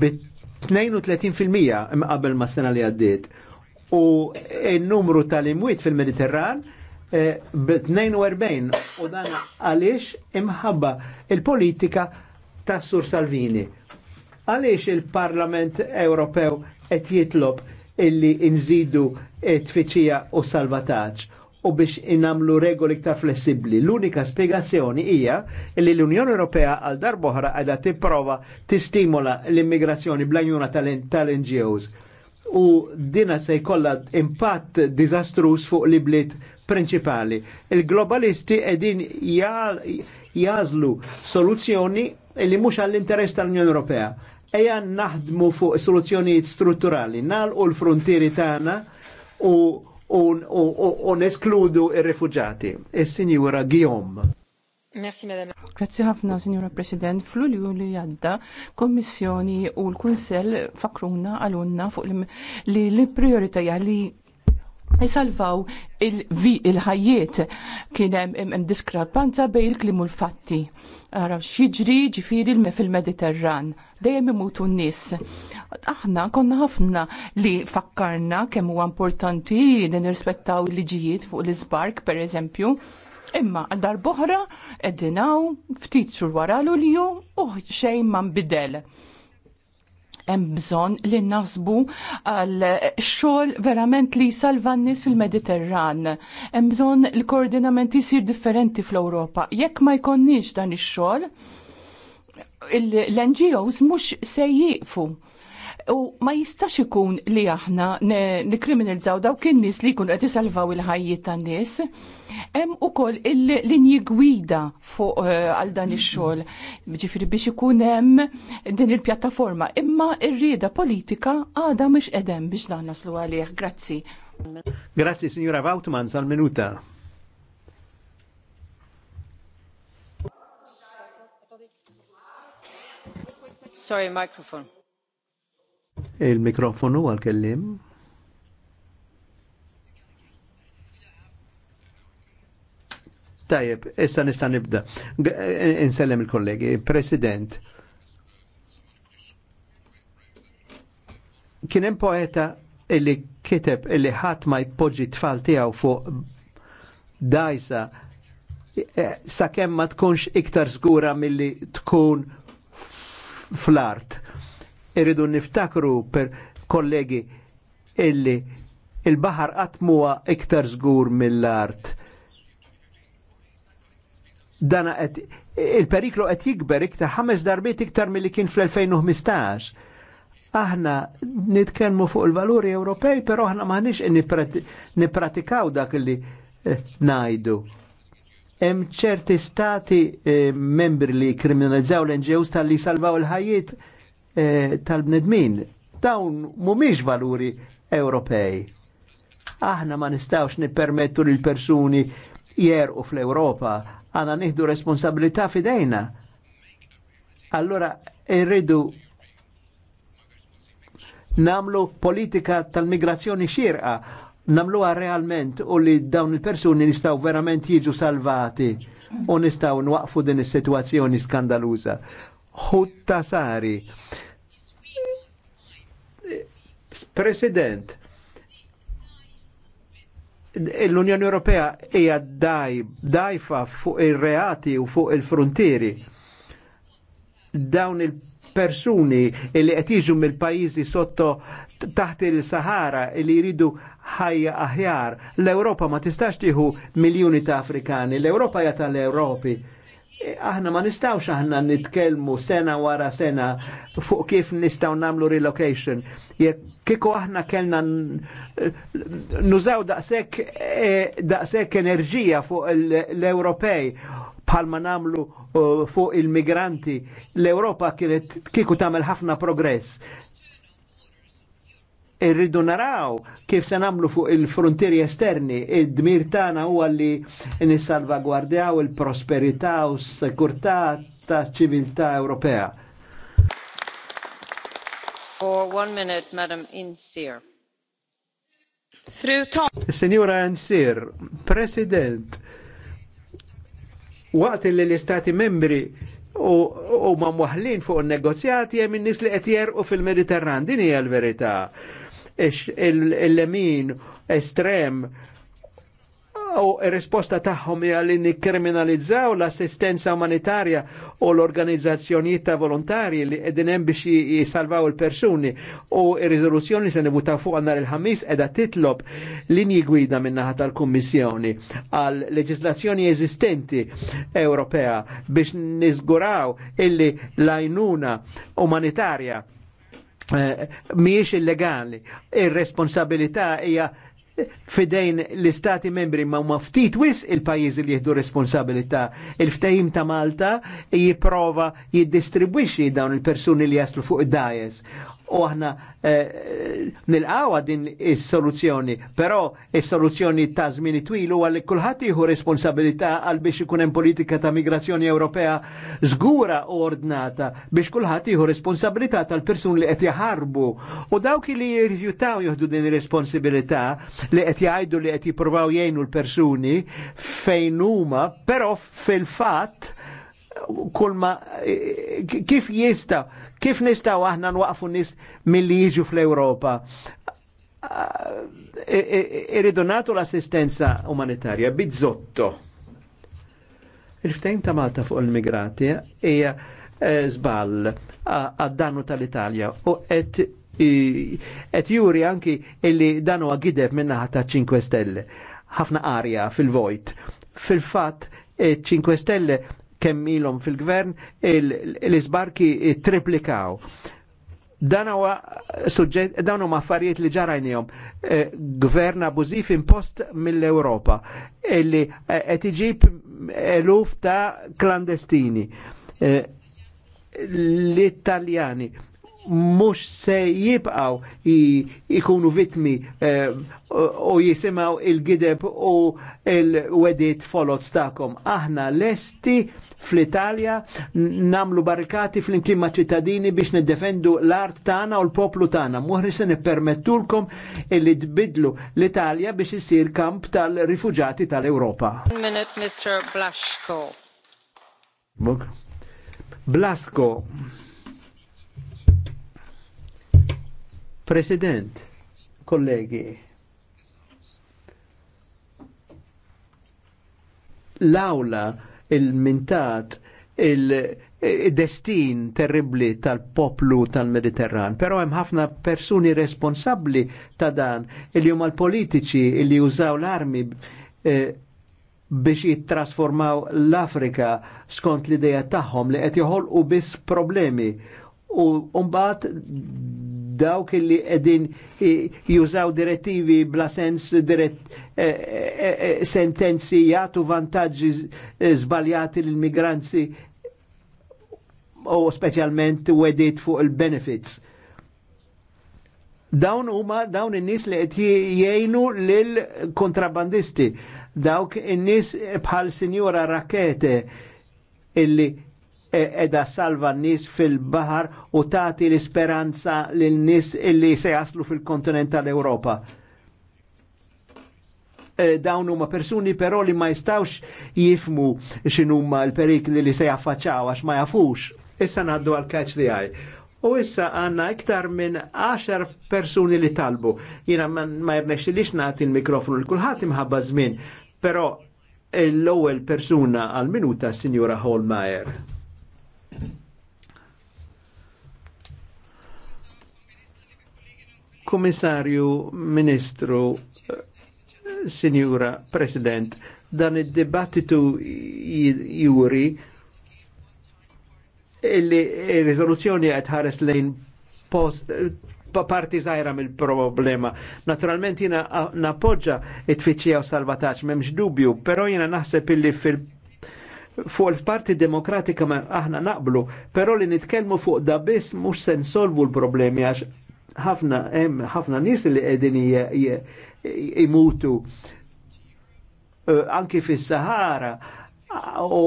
bit 32% qabel ma s-sena li għaddiet u n-numru tal-imwiet fil-Mediterran Eh, b-42 u dan għaliex imħabba il-politika ta' Sur Salvini. Għaliex il-Parlament Ewropew qed jitlob illi inżidu tfittxija u salvataġġ u biex inamlu regoli iktar flessibli. L-unika spiegazzjoni hija li l-Unjoni Ewropea għal darboħra għadha tipprova tistimola l-immigrazzjoni bl-għajnuna tal-NGOs. tal ngos u dina se jkollha impatt diżastrus fuq li bliet prinċipali. Il-globalisti edin jażlu soluzzjoni li mhux għall-interess tal-Unjoni Ewropea. Eja naħdmu fuq soluzzjonijiet strutturali, u l-frontieri tagħna u, u, u, u neskludu ir-refuġati. Is-Sinjura Guillaume. Merci, Madame. Grazzi ħafna, Signora President. F'Lulju li għadda, Kommissjoni u l-Kunsell fakruna għalunna fuq li l-prioritajja li jisalvaw il-ħajiet kien hemm diskrapanza bejn il klimu l-fatti. Araw x'jiġri ġifieri fil-Mediterran. Dejjem imutu n-nies. Aħna konna ħafna li fakkarna kemm huwa importanti li nirrispettaw il-liġijiet fuq l-iżbark pereżempju. Imma għaddar darboħra edinaw ftit xur wara l-ulju u xejn ma nbidel. Hemm bżonn li nasbu għal xogħol verament li salvannis fil-Mediterran. Hemm bżonn l-koordinament jisir differenti fl-Ewropa. Jekk ma jkonniex dan ix-xogħol, l-NGOs mhux se jieqfu U ma jistax ikun li aħna nikriminalizzaw dawk in-nies li jkunu qed isalvaw il-ħajjiet tan-nies. Hemm ukoll il-linji gwida fuq eh, għal dan ix-xogħol. Ġifieri biex ikun hemm din il-pjattaforma, imma r-rieda politika għadha mhux qedem biex dan naslu għalih. Grazzi. Grazzi, Signora Vautman, sal-minuta. Sorry, microphone il-mikrofonu għal-kellim. Tajjeb, issa nista' nibda. Insellem il-kollegi, President. Kien hemm poeta illi kiteb illi ħadd ma jpoġġi tfal tiegħu fuq dajsa e, sakemm ma tkunx iktar żgura milli tkun fl-art irridu niftakru per kollegi illi il-bahar għatmuwa iktar zgur mill-art. Dana et, il-periklu qed jikber iktar ħames darbiet iktar milli kien fl-2015. Aħna nitkellmu fuq il-valuri Ewropej, però aħna maħniex nipratikaw dak li eh, najdu. Hemm ċerti stati eh, membri li kriminalizzaw l-NGOs tal-li salvaw il-ħajiet Eh, tal-bnedmin. Dawn mumiex valuri Ewropej. Aħna ma nistawx nippermettu li l-persuni u fl-Europa, għana nieħdu responsabilità fidejna. Allora irridu namlu politika tal-migrazzjoni xirqa, namluha realment u li dawn il-persuni nistaw verament jiġu salvati u nistaw nwaqfu din is-sitwazzjoni skandaluża. Hutta Sari, President, l-Unjoni Ewropea hija dajfa fuq ir-reati u fuq il-frontieri. Dawn il-persuni li qed jiġu mill-pajjiżi sotto taħt il-Sahara li jridu ħajja aħjar. L-Ewropa ma tistax tieħu miljuni ta' Afrikani, l-Ewropa hija tal-Ewropi aħna ma nistawx aħna nitkellmu sena wara sena fuq kif nistaw namlu relocation. Jekk kieku aħna kellna nużaw daqshekk e, daqshekk enerġija fuq l-Ewropej bħalma namlu eh, fuq il-migranti, l-Europa kienet kiku tamel ħafna progress irridu naraw kif se namlu fuq il-frontieri esterni, id-dmir tagħna huwa li nissalvagwardjaw il-prosperità u s-sekurtà ta' ċiviltà Ewropea. For one minute, Madam Insir. Through Tom. Signora Insir, President, waqt li l-Istati membri u, u ma' fuq il-negozjati hemm in-nies li qed jerqu fil-Mediterran, din hija l-verità il-lemin estrem u risposta tagħhom hija li nikkriminalizzaw l-assistenza umanitarja u l-organizzazzjonijiet ta' volontarji li qegħdin hemm biex jisalvaw il-persuni u r-riżoluzzjoni se nivutaw fuq nhar il-ħamis qiegħda titlob linji gwida min-naħa tal-Kummissjoni għal leġislazzjoni eżistenti Ewropea biex niżguraw illi l-għajnuna umanitarja Eh, miex illegali. Ir-responsabilità hija fidejn l-istati membri ma huma ftit wis il-pajjiżi li jieħdu responsabilità. Il-ftajim ta' Malta jipprova jiddistribwixxi dawn il-persuni li jaslu fuq id-dajes u aħna eh, nilqawa din is-soluzzjoni, però is-soluzzjoni ta' żmien twil huwa li kulħadd jieħu responsabilità għal biex ikun hemm politika ta' migrazzjoni Ewropea żgura u ordnata biex kulħadd jieħu responsabilità tal persuni li qed jaħarbu u dawk li jirrifjutaw jieħdu din ir responsibilità li qed jgħidu li qed jippruvaw jgħinu l-persuni fejn huma, però fil-fatt kulma e, e, kif jista, kif nistaw aħna nwaqfu nis mill jiġu fl-Europa. E, Irridu natu l-assistenza umanitarja bizzotto. Il-ftejm ta' Malta fuq il-migrati hija zbal għad-dannu tal-Italja u qed et juri anki illi danu għagideb minnaħa ta' 5 Stelle ħafna arja fil-vojt. Fil-fat, 5 Stelle kemm ilhom fil-gvern l-isbarki triplikaw. Dan huwa suġġett huma affarijiet li ġarajnihom eh, gvern abużiv impost mill-Ewropa illi eh, qed iġib eluf ta' klandestini. Eh, L-Italjani mux se jibqaw ikunu vitmi u jisimaw il-gideb u il-wedit folot stakom. Aħna lesti fl-Italja namlu barrikati fl-imkien ma' ċittadini biex niddefendu l-art tagħna u l-poplu tagħna. Muħri se nippermettulkom illi tbidlu l-Italja biex isir kamp tal-rifuġati tal-Ewropa. Minute, Mr. President, kollegi, l-awla il-mintat il-destin terribli tal-poplu tal-Mediterran. Pero hemm ħafna persuni responsabbli ta' dan il huma l-politiċi li użaw l-armi eh, biex jittrasformaw l-Afrika skont l-ideja tagħhom li qed joħolqu biss problemi u umbat dawk li edin jużaw direttivi bla sens dirett e- e- e- sentenzi jgħatu vantaġġi zbaljati l-migranti u specialment wedit fuq il-benefits. Dawn huma dawn in-nies li qed jgħinu lil kontrabandisti. Dawk in-nies bħal Sinjora Rakete illi E, edha salva n-nis fil-bahar u tati l-isperanza l-nis illi se jaslu fil-kontinent tal-Europa. E, Dawn huma persuni però li ma jistawx jifmu x'inhuma l-perikli li se jaffaċċaw għax ma jafux. Issa ngħaddu għal kaċ li għaj. U issa għanna iktar minn 10 persuni li talbu. Jina ma jirnex li nagħti l-mikrofonu l-kulħat imħabba żmien, però l-ewwel persuna għal-minuta, Signora Holmeyer. Komissarju, Ministru, Sinjura, President, dan id debattitu juri illi il-rizoluzzjoni għed ħares lejn post parti zaħira mill-problema. Naturalment jina napoġġa it-tfittxija u salvataċ, memx dubju, pero jina naħseb illi fil- fuq il-parti demokratika ma aħna naqblu, pero li nitkelmu fuq da biss mux sen solvu l-problemi għax ħafna hemm ħafna nies li qegħdin imutu e, anki fis-Sahara u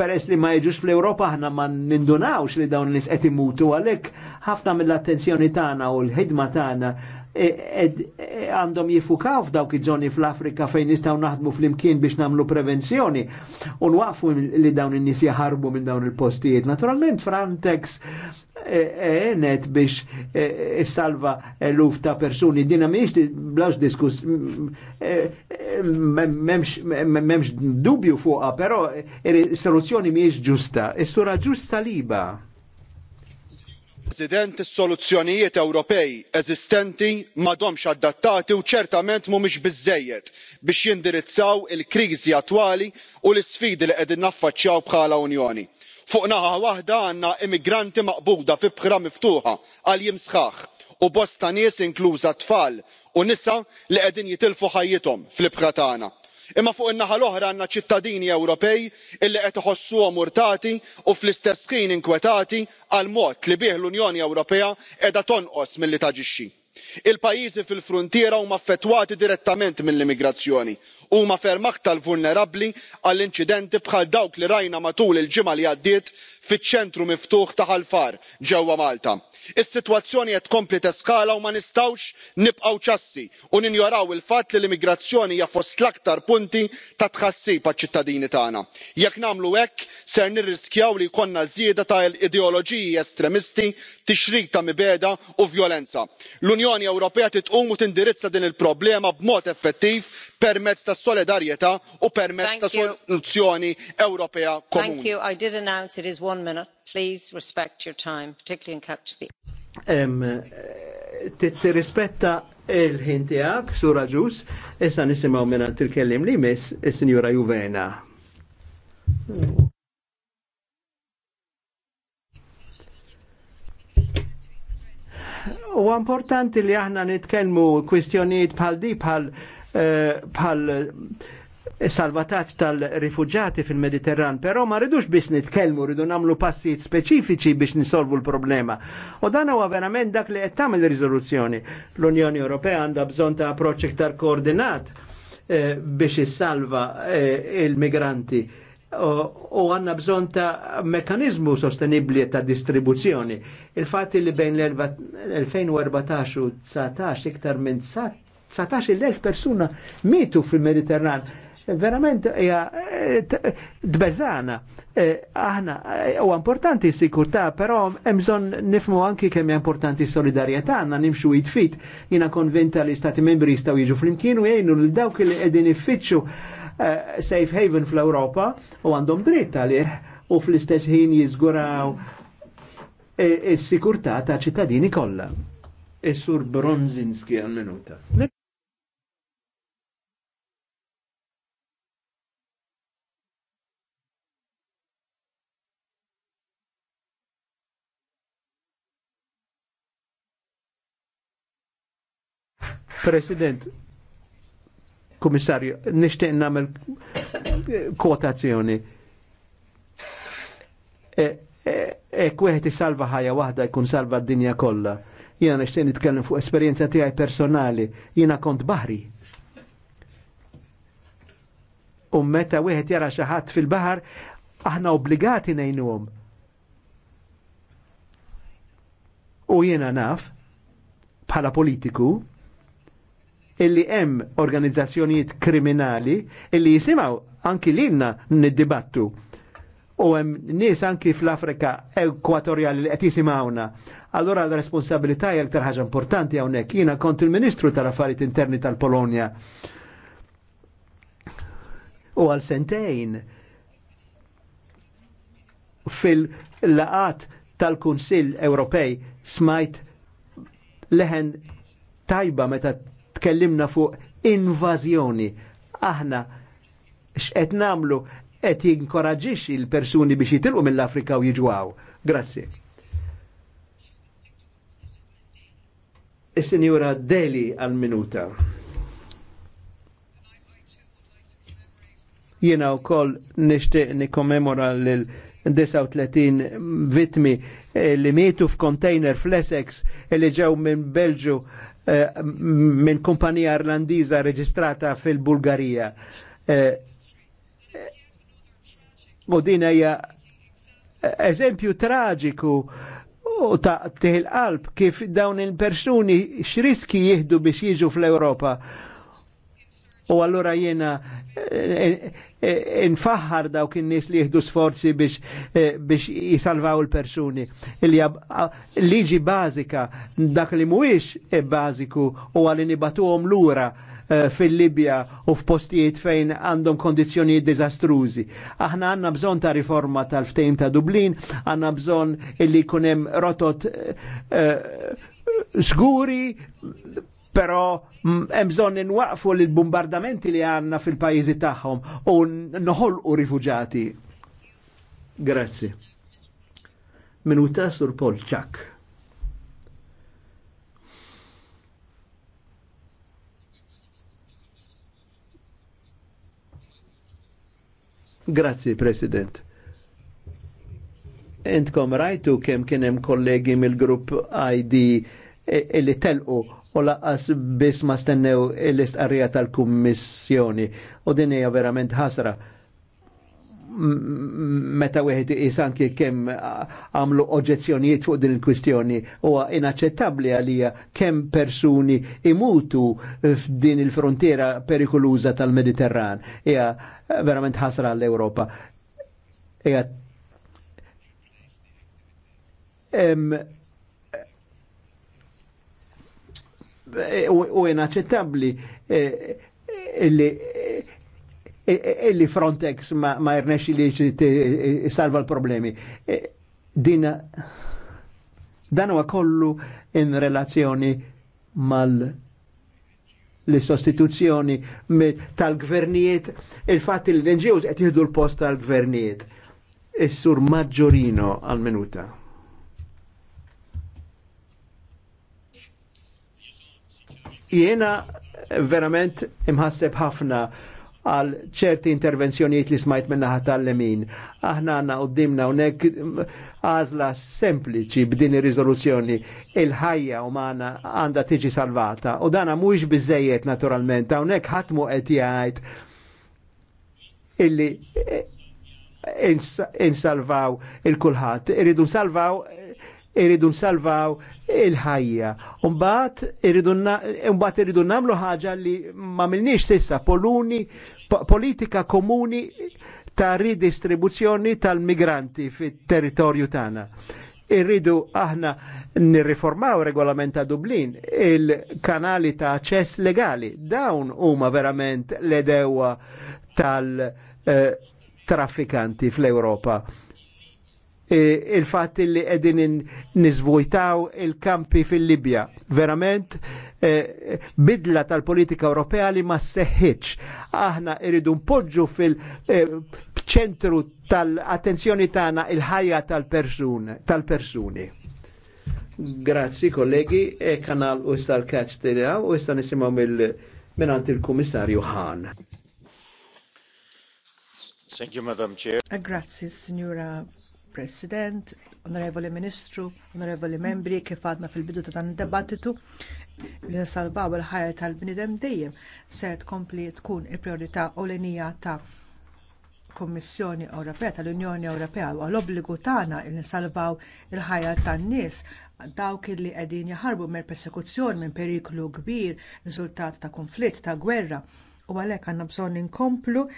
peress li ma jiġux fl-Ewropa aħna ma nindunawx li dawn nies qed imutu għalhekk ħafna mill-attenzjoni tagħna u l-ħidma tagħna E, e, e, għandhom jifukaw f'dawk iż-żoni fl-Afrika fejn nistgħu naħdmu flimkien biex nagħmlu prevenzjoni u nwaqfu li dawn in-nies jaħarbu minn dawn il-postijiet. Naturalment Frontex enet biex salva eluf ta' persuni dina miex blax diskus memx dubju fuqa pero il-soluzjoni miex ġusta il sura ġusta liba President, is-soluzzjonijiet Ewropej eżistenti m'għadhomx adattati u ċertament mhumiex biżżejjed biex jindirizzaw il-kriżi attwali u l-isfidi li qegħdin naffaċċjaw bħala unjoni. Fuq naħa waħda għandna immigranti maqbuda fi bħra miftuħa għal jiem sħaħ u bosta nies inkluża tfal u nisa li qegħdin jitilfu ħajjithom fl-ibħra tagħna imma fuq in-naħa l-oħra għandna ċittadini ewropej illi qed iħossuhom urtati u fl-istess ħin inkwetati għall mod li bih l unjoni ewropea qiegħda tonqos milli taġixxi il pajjiżi fil-fruntiera huma affettwati direttament mill-immigrazzjoni huma ferm aktar vulnerabbli għal inċidenti bħal dawk li rajna matul il-ġimgħa li għaddiet fiċ-ċentru miftuħ ta' ħalfar ġewwa malta. is-sitwazzjoni qed tkompli teskala u ma nistgħux nibqgħu ċassi u ninjoraw il fatt li l-immigrazzjoni hija fost l-aktar punti ta' tħassib għaċ-ċittadini tagħna. jekk nagħmlu hekk ser nirriskjaw li jkollna żieda ta' ideoloġiji estremisti tixrid ta' mibeda u vjolenza l-unjoni ewropea titqum u tindirizza din il-problema b'mod effettiv permezz ta' solidarjetà u permezz ta' soluzzjoni ewropea komuni. Tirrispetta eh, il-ħin tiegħek, Sura Ġus, issa nisimgħu mingħand il-kellim li miss is-Sinjura Juvena. U importanti li aħna nitkellmu kwistjonijiet bħal di bħal eh, bħal eh, salvataċ tal-rifugġati fil-Mediterran, però ma ridux biex nitkellmu, ridu namlu passijiet speċifiċi biex nisolvu l-problema. U dan huwa verament dak li qed tagħmel riżoluzzjoni. L-Unjoni Ewropea għandha bżonn ta' approċċ aktar koordinat eh, biex issalva il-migranti u għanna bżon ta' mekanizmu sostenibli ta' distribuzzjoni. Il-fat li bejn l-2014 u 19 iktar minn 19.000 persuna mitu fil-Mediterran. Verament hija dbeżana. E, aħna u importanti sikurtà, però hemm bżonn nifmu anki kemm hija importanti solidarieta, għandna nimxu id-fit, Jiena konvinta li stati membri jistgħu jiġu flimkien u jgħinu l dawk li qegħdin ifittxu Eh, safe haven fl-Europa u għandhom dritt għalih u fl-istess ħin jizguraw eh, il sikurta ta' ċittadini kollha. Is-sur Bronzinski għal-minuta. President, Komissarju, nishtiq namel kotazzjoni. E, e, e, ek wieħed isalva ħajja waħda jkun salva d-dinja kollha. Jiena nixtieq nitkellem fuq esperjenza tiegħi personali. Jiena kont baħri. U meta wieħed jara xi ħadd fil-baħar, aħna obbligati ngħinuhom. U jiena naf bħala politiku illi hemm organizzazzjonijiet kriminali illi jisimaw anki lilna niddibattu. U hemm nies anki fl-Afrika ekwatorjali li qed jisimgħuna. Allora l-responsabilità hija aktar ħaġa importanti hawnhekk. Jiena kont il-Ministru tal-Affarijiet Interni tal-Polonja. U għal sentejn fil-laqat tal-Kunsill Ewropej smajt leħen tajba meta tkellimna fuq invażjoni. Aħna x'qed namlu qed jinkoraġġix il-persuni biex jitilqu mill-Afrika u jiġwaw. Grazzi. Is-Sinjura Deli għal-minuta. Jiena wkoll nixtieq nikkommemora lil 39 vitmi eh, li mietu f'container fl-Essex eh, li ġew minn Belġu Eh, minn kumpanija irlandiza reġistrata fil-Bulgarija. Eh, u din hija eh, eżempju traġiku u ta' teħil qalb kif dawn il-persuni x'riski jihdu biex jiġu fl-Ewropa U allura jena eh, eh, eh, infaħħar dawk in-nies li jihdu sforzi biex biex jisalvaw il-persuni. Liġi bazika, dak li mhuwiex e baziku u li nibatuhom lura fil-Libja u f'postijiet fejn għandhom kondizjoni dizastruzi. Aħna għanna bżon ta' riforma tal ftejn ta' Dublin, għanna bżon illi kunem rotot uh, uh, sguri però mm, hemm bżonn inwaqfu l bombardamenti li għandna fil-pajjiżi tagħhom u u rifuġati. Grazzi. Minuta sur Polċak. Grazzi, President. Entkom rajtu kem kienem kollegi mill-grupp ID illi eh, telqu u laqqas biss ma stennew l-istqarrija tal-Kummissjoni u din hija verament ħasra meta wieħed isanki kemm għamlu oġezzjonijiet fuq din il-kwistjoni huwa inaċċettabbli għalija kemm persuni imutu f'din il-frontiera perikoluża tal-Mediterran. Hija verament ħasra għall-Ewropa. Hija u inaċċettabbli eh, eh, illi eh, illi Frontex ma, ma jirnex li salva l-problemi. Din dan huwa kollu in relazzjoni mal l-sostituzzjoni tal-gvernijiet, il-fatt li l-NGOs qed jieħdu l-post tal-gvernijiet. Is-sur Maġġorino għal-minuta. Jiena verament imħasseb ħafna għal ċerti intervenzjonijiet li smajt minnaħa tal-lemin. Aħna għanna u dimna unek għazla sempliċi b'din ir-riżoluzzjoni il-ħajja umana għanda tiġi salvata. U dana mhuwiex bizzejiet naturalment, hawnhekk ħatmu qed jgħid illi insalvaw il-kulħadd. Irridu salvaw iridu nsalvaw il-ħajja. Umbat iridu namlu ħaġa li ma milniex sissa poluni, politika komuni ta' ridistribuzzjoni tal-migranti fit-territorju tagħna. Irridu aħna nirriformaw regolament ta' Dublin il-kanali ta' ċess legali. Dawn huma verament l-edewa tal-traffikanti eh, fl-Europa E, il-fatt li qegħdin niżvojtaw il-kampi fil-Libja. Verament e, bidla tal-politika Ewropea li ma seħħitx. Aħna irridu npoġġu fil-ċentru e, tal-attenzjoni tagħna il-ħajja tal-persuni. Grazzi kollegi, e kanal u istal kaċ u issa nisimgħu mill minant il-Kummissarju Hahn. Thank you, Madam Chair. Grazzi, Signora President, Onorevoli Ministru, Onorevoli Membri, kif għadna fil-bidu ta' dan il debattitu li nsalvaw il-ħajja tal-bnidem dejjem se tkompli tkun il-priorità ewlenija ta' Kummissjoni Ewropea tal-Unjoni Ewropea u l-obbligu tagħna li nsalvaw il-ħajja tan-nies dawk li qegħdin jaħarbu mer persekuzzjoni minn periklu kbir riżultat ta' kunflitt ta' gwerra u għalhekk għandna bżonn inkomplu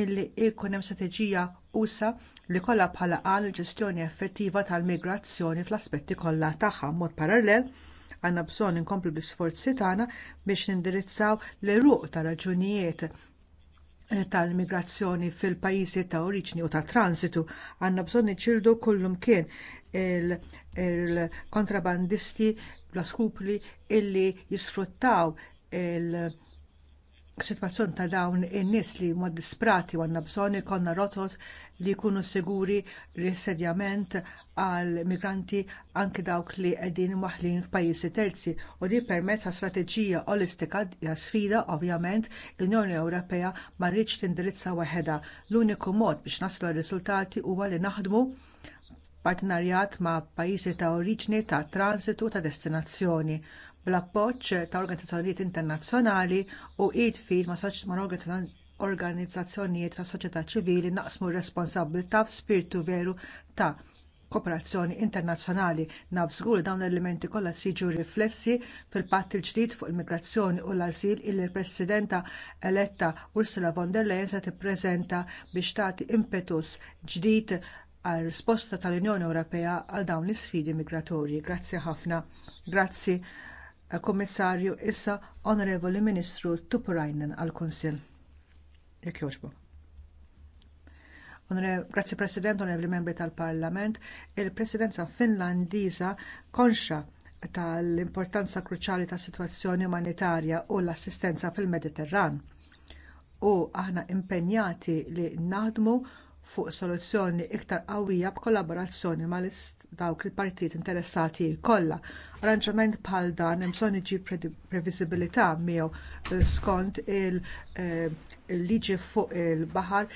illi jkun hemm strateġija usa li kollha bħala qal ġestjoni effettiva tal-migrazzjoni fl-aspetti kollha tagħha mod parallel għandna bżonn inkomplu bl-isforzi tagħna biex nindirizzaw l-eruq ta' raġunijiet eh, tal-migrazzjoni fil-pajjiżi ta' oriġini u ta' transitu għandna bżonn niġġieldu kullimkien il-kontrabandisti bla skupli illi jisfruttaw il- situazzjoni ta' dawn in-nies li huma disprati u għandna bżonn ikollna rotot li jkunu siguri risedjament għal migranti anki dawk li qegħdin maħlin f'pajjiżi terzi u li permezz ta' strateġija olistika hija sfida ovvjament l-Unjoni Ewropea ma rridx tindirizza waħedha. L-uniku mod biex naslu r-riżultati huwa li naħdmu partenarjat ma' pajjiżi ta' oriġni ta' transitu ta' destinazzjoni bl-appoġġ ta' organizzazzjonijiet internazzjonali u id fil ma' organizzazzjonijiet ta' soċjetà ċivili naqsmu r-responsabbiltà f'spiritu veru ta' kooperazzjoni internazzjonali naf żgur dawn l-elementi kollha siġu riflessi fil-patt il-ġdid fuq il-migrazzjoni u l-asil illi l-Presidenta eletta Ursula von der Leyen se tippreżenta biex tagħti impetus ġdid għal risposta tal-Unjoni Ewropea għal dawn l isfidi migratorji. Grazzi ħafna. Grazzi Kummissarju issa Onorevoli Ministru Tupurajnen għall kunsill Jekk jogħġbu. Grazie President, onorevoli membri tal-Parlament, il-Presidenza Finlandiża konxa tal-importanza kruċjali tas-sitwazzjoni umanitarja u l-assistenza fil-Mediterran. U aħna impenjati li naħdmu fuq soluzzjoni iktar qawwija b'kollaborazzjoni mal-Istat dawk il-partijiet interessati kollha. Arranġament bħal dan hemm bżonn iġi previsibilità miegħu eh, skont eh, il-liġi fuq il-baħar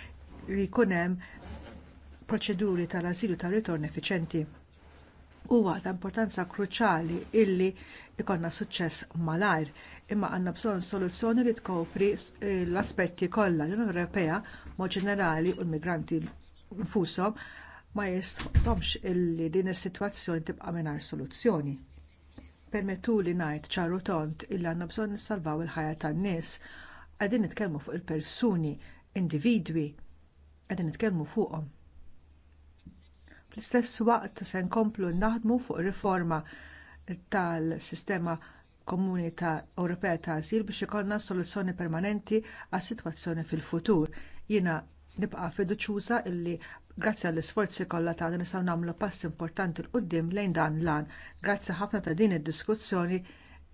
li jkun hemm proċeduri tal-asilu tar-ritorn effiċenti. Huwa ta' importanza kruċjali illi ikonna suċċess malajr imma għandna bżonn soluzzjoni li tkopri eh, l-aspetti kollha l-Unjoni Ewropea mod ġenerali u l-migranti nfushom ma jistħobx illi din is-sitwazzjoni tibqa' mingħajr soluzzjoni. Permettuli ngħid ċaru tont illi għandna bżonn nissalvaw il-ħajja tan-nies qegħdin nitkellmu fuq il-persuni, individwi, qegħdin nitkellmu fuqhom. Fl-istess waqt se nkomplu naħdmu fuq riforma tal-sistema komuni ta' Ewropea ta' Asil biex ikollna soluzzjoni permanenti għas sitwazzjoni fil-futur. Jiena nibqa' fiduċjuża illi Grazzi għall isforzi kollha tagħna nistgħu nagħmlu pass importanti l quddiem lejn dan l-an. Grazzi ħafna ta' din id-diskussjoni.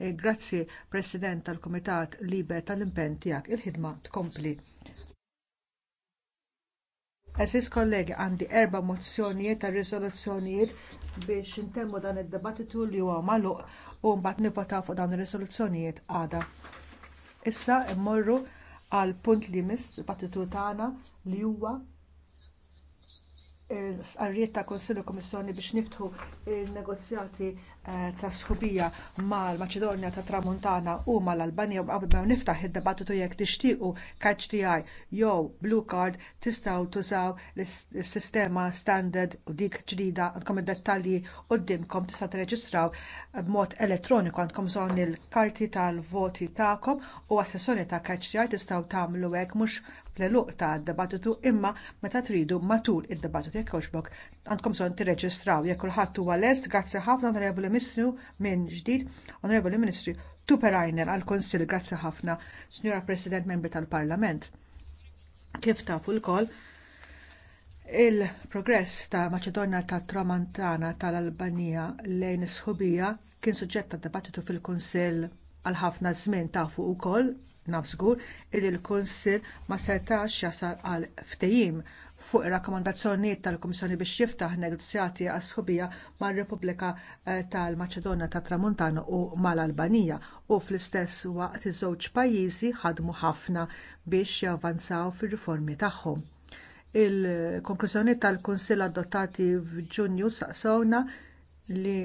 E, grazzi President tal-Kumitat Libe tal-impenn tiegħek il-ħidma tkompli. Eżis kollegi għandi erba mozzjonijiet ta' riżoluzzjonijiet biex intemmu dan id-debattitu li huwa magħluq u mbagħad nivvotaw fuq dawn ir-riżoluzzjonijiet għada. Issa mmorru għal punt li mist dibattitu tagħna li huwa għarriet ta' Konsillu komissjoni biex niftħu il negozjati Eh, ta' sħubija mal-Maċedonja tat Tramuntana u mal-Albanija u qabel ma niftaħ id-debattitu jekk tixtiequ catch jew blue card tistgħu tużaw is-sistema standard u dik ġdida għandkom id-dettalji quddiemkom tista' tirreġistraw b'mod elettroniku għandkom bżonn il-karti tal-voti tagħkom u għas-sessjoni ta' catch the tistgħu tagħmlu hekk mhux fl-eluq ta' debattitu imma meta tridu matul id-debattitu jekk għandkom bżonn tirreġistraw jekk kulħadd huwa lest grazzi ħafna Ministru minn ġdid, Onorevoli Ministru Tuperajner għall-Kunsill, grazzi ħafna, Signora President, membri tal-Parlament. Kif taf l il-progress ta' Maċedonja tat Tramontana tal-Albanija lejn is-sħubija kien suġġett ta' dibattitu fil-Kunsill għal ħafna żmien tafu wkoll naf żgur li l-Kunsill ma setax jasal għal ftehim fuq ir-rakkomandazzjonijiet tal-Kummissjoni biex jiftaħ negozjati għas sħubija mar-Repubblika eh, tal-Maċedonja tat Tramuntana u mal-Albanija u fl-istess waqt iż-żewġ pajjiżi ħadmu ħafna biex javvanzaw fir-riformi tagħhom. Il-konklużjoni tal-Kunsill adottati f'Ġunju saqsowna li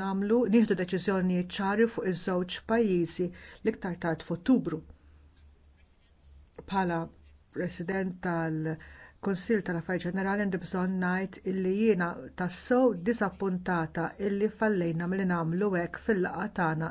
nagħmlu nieħdu deċiżjonijiet ċari fuq iż-żewġ pajjiżi l-iktar tard f'Ottubru. Bħala President tal- Konsil tal-affarijiet ġenerali għandi bżonn ngħid illi jiena tassew disappuntata illi fallejna milli nagħmlu hekk fil-laqgħa tagħna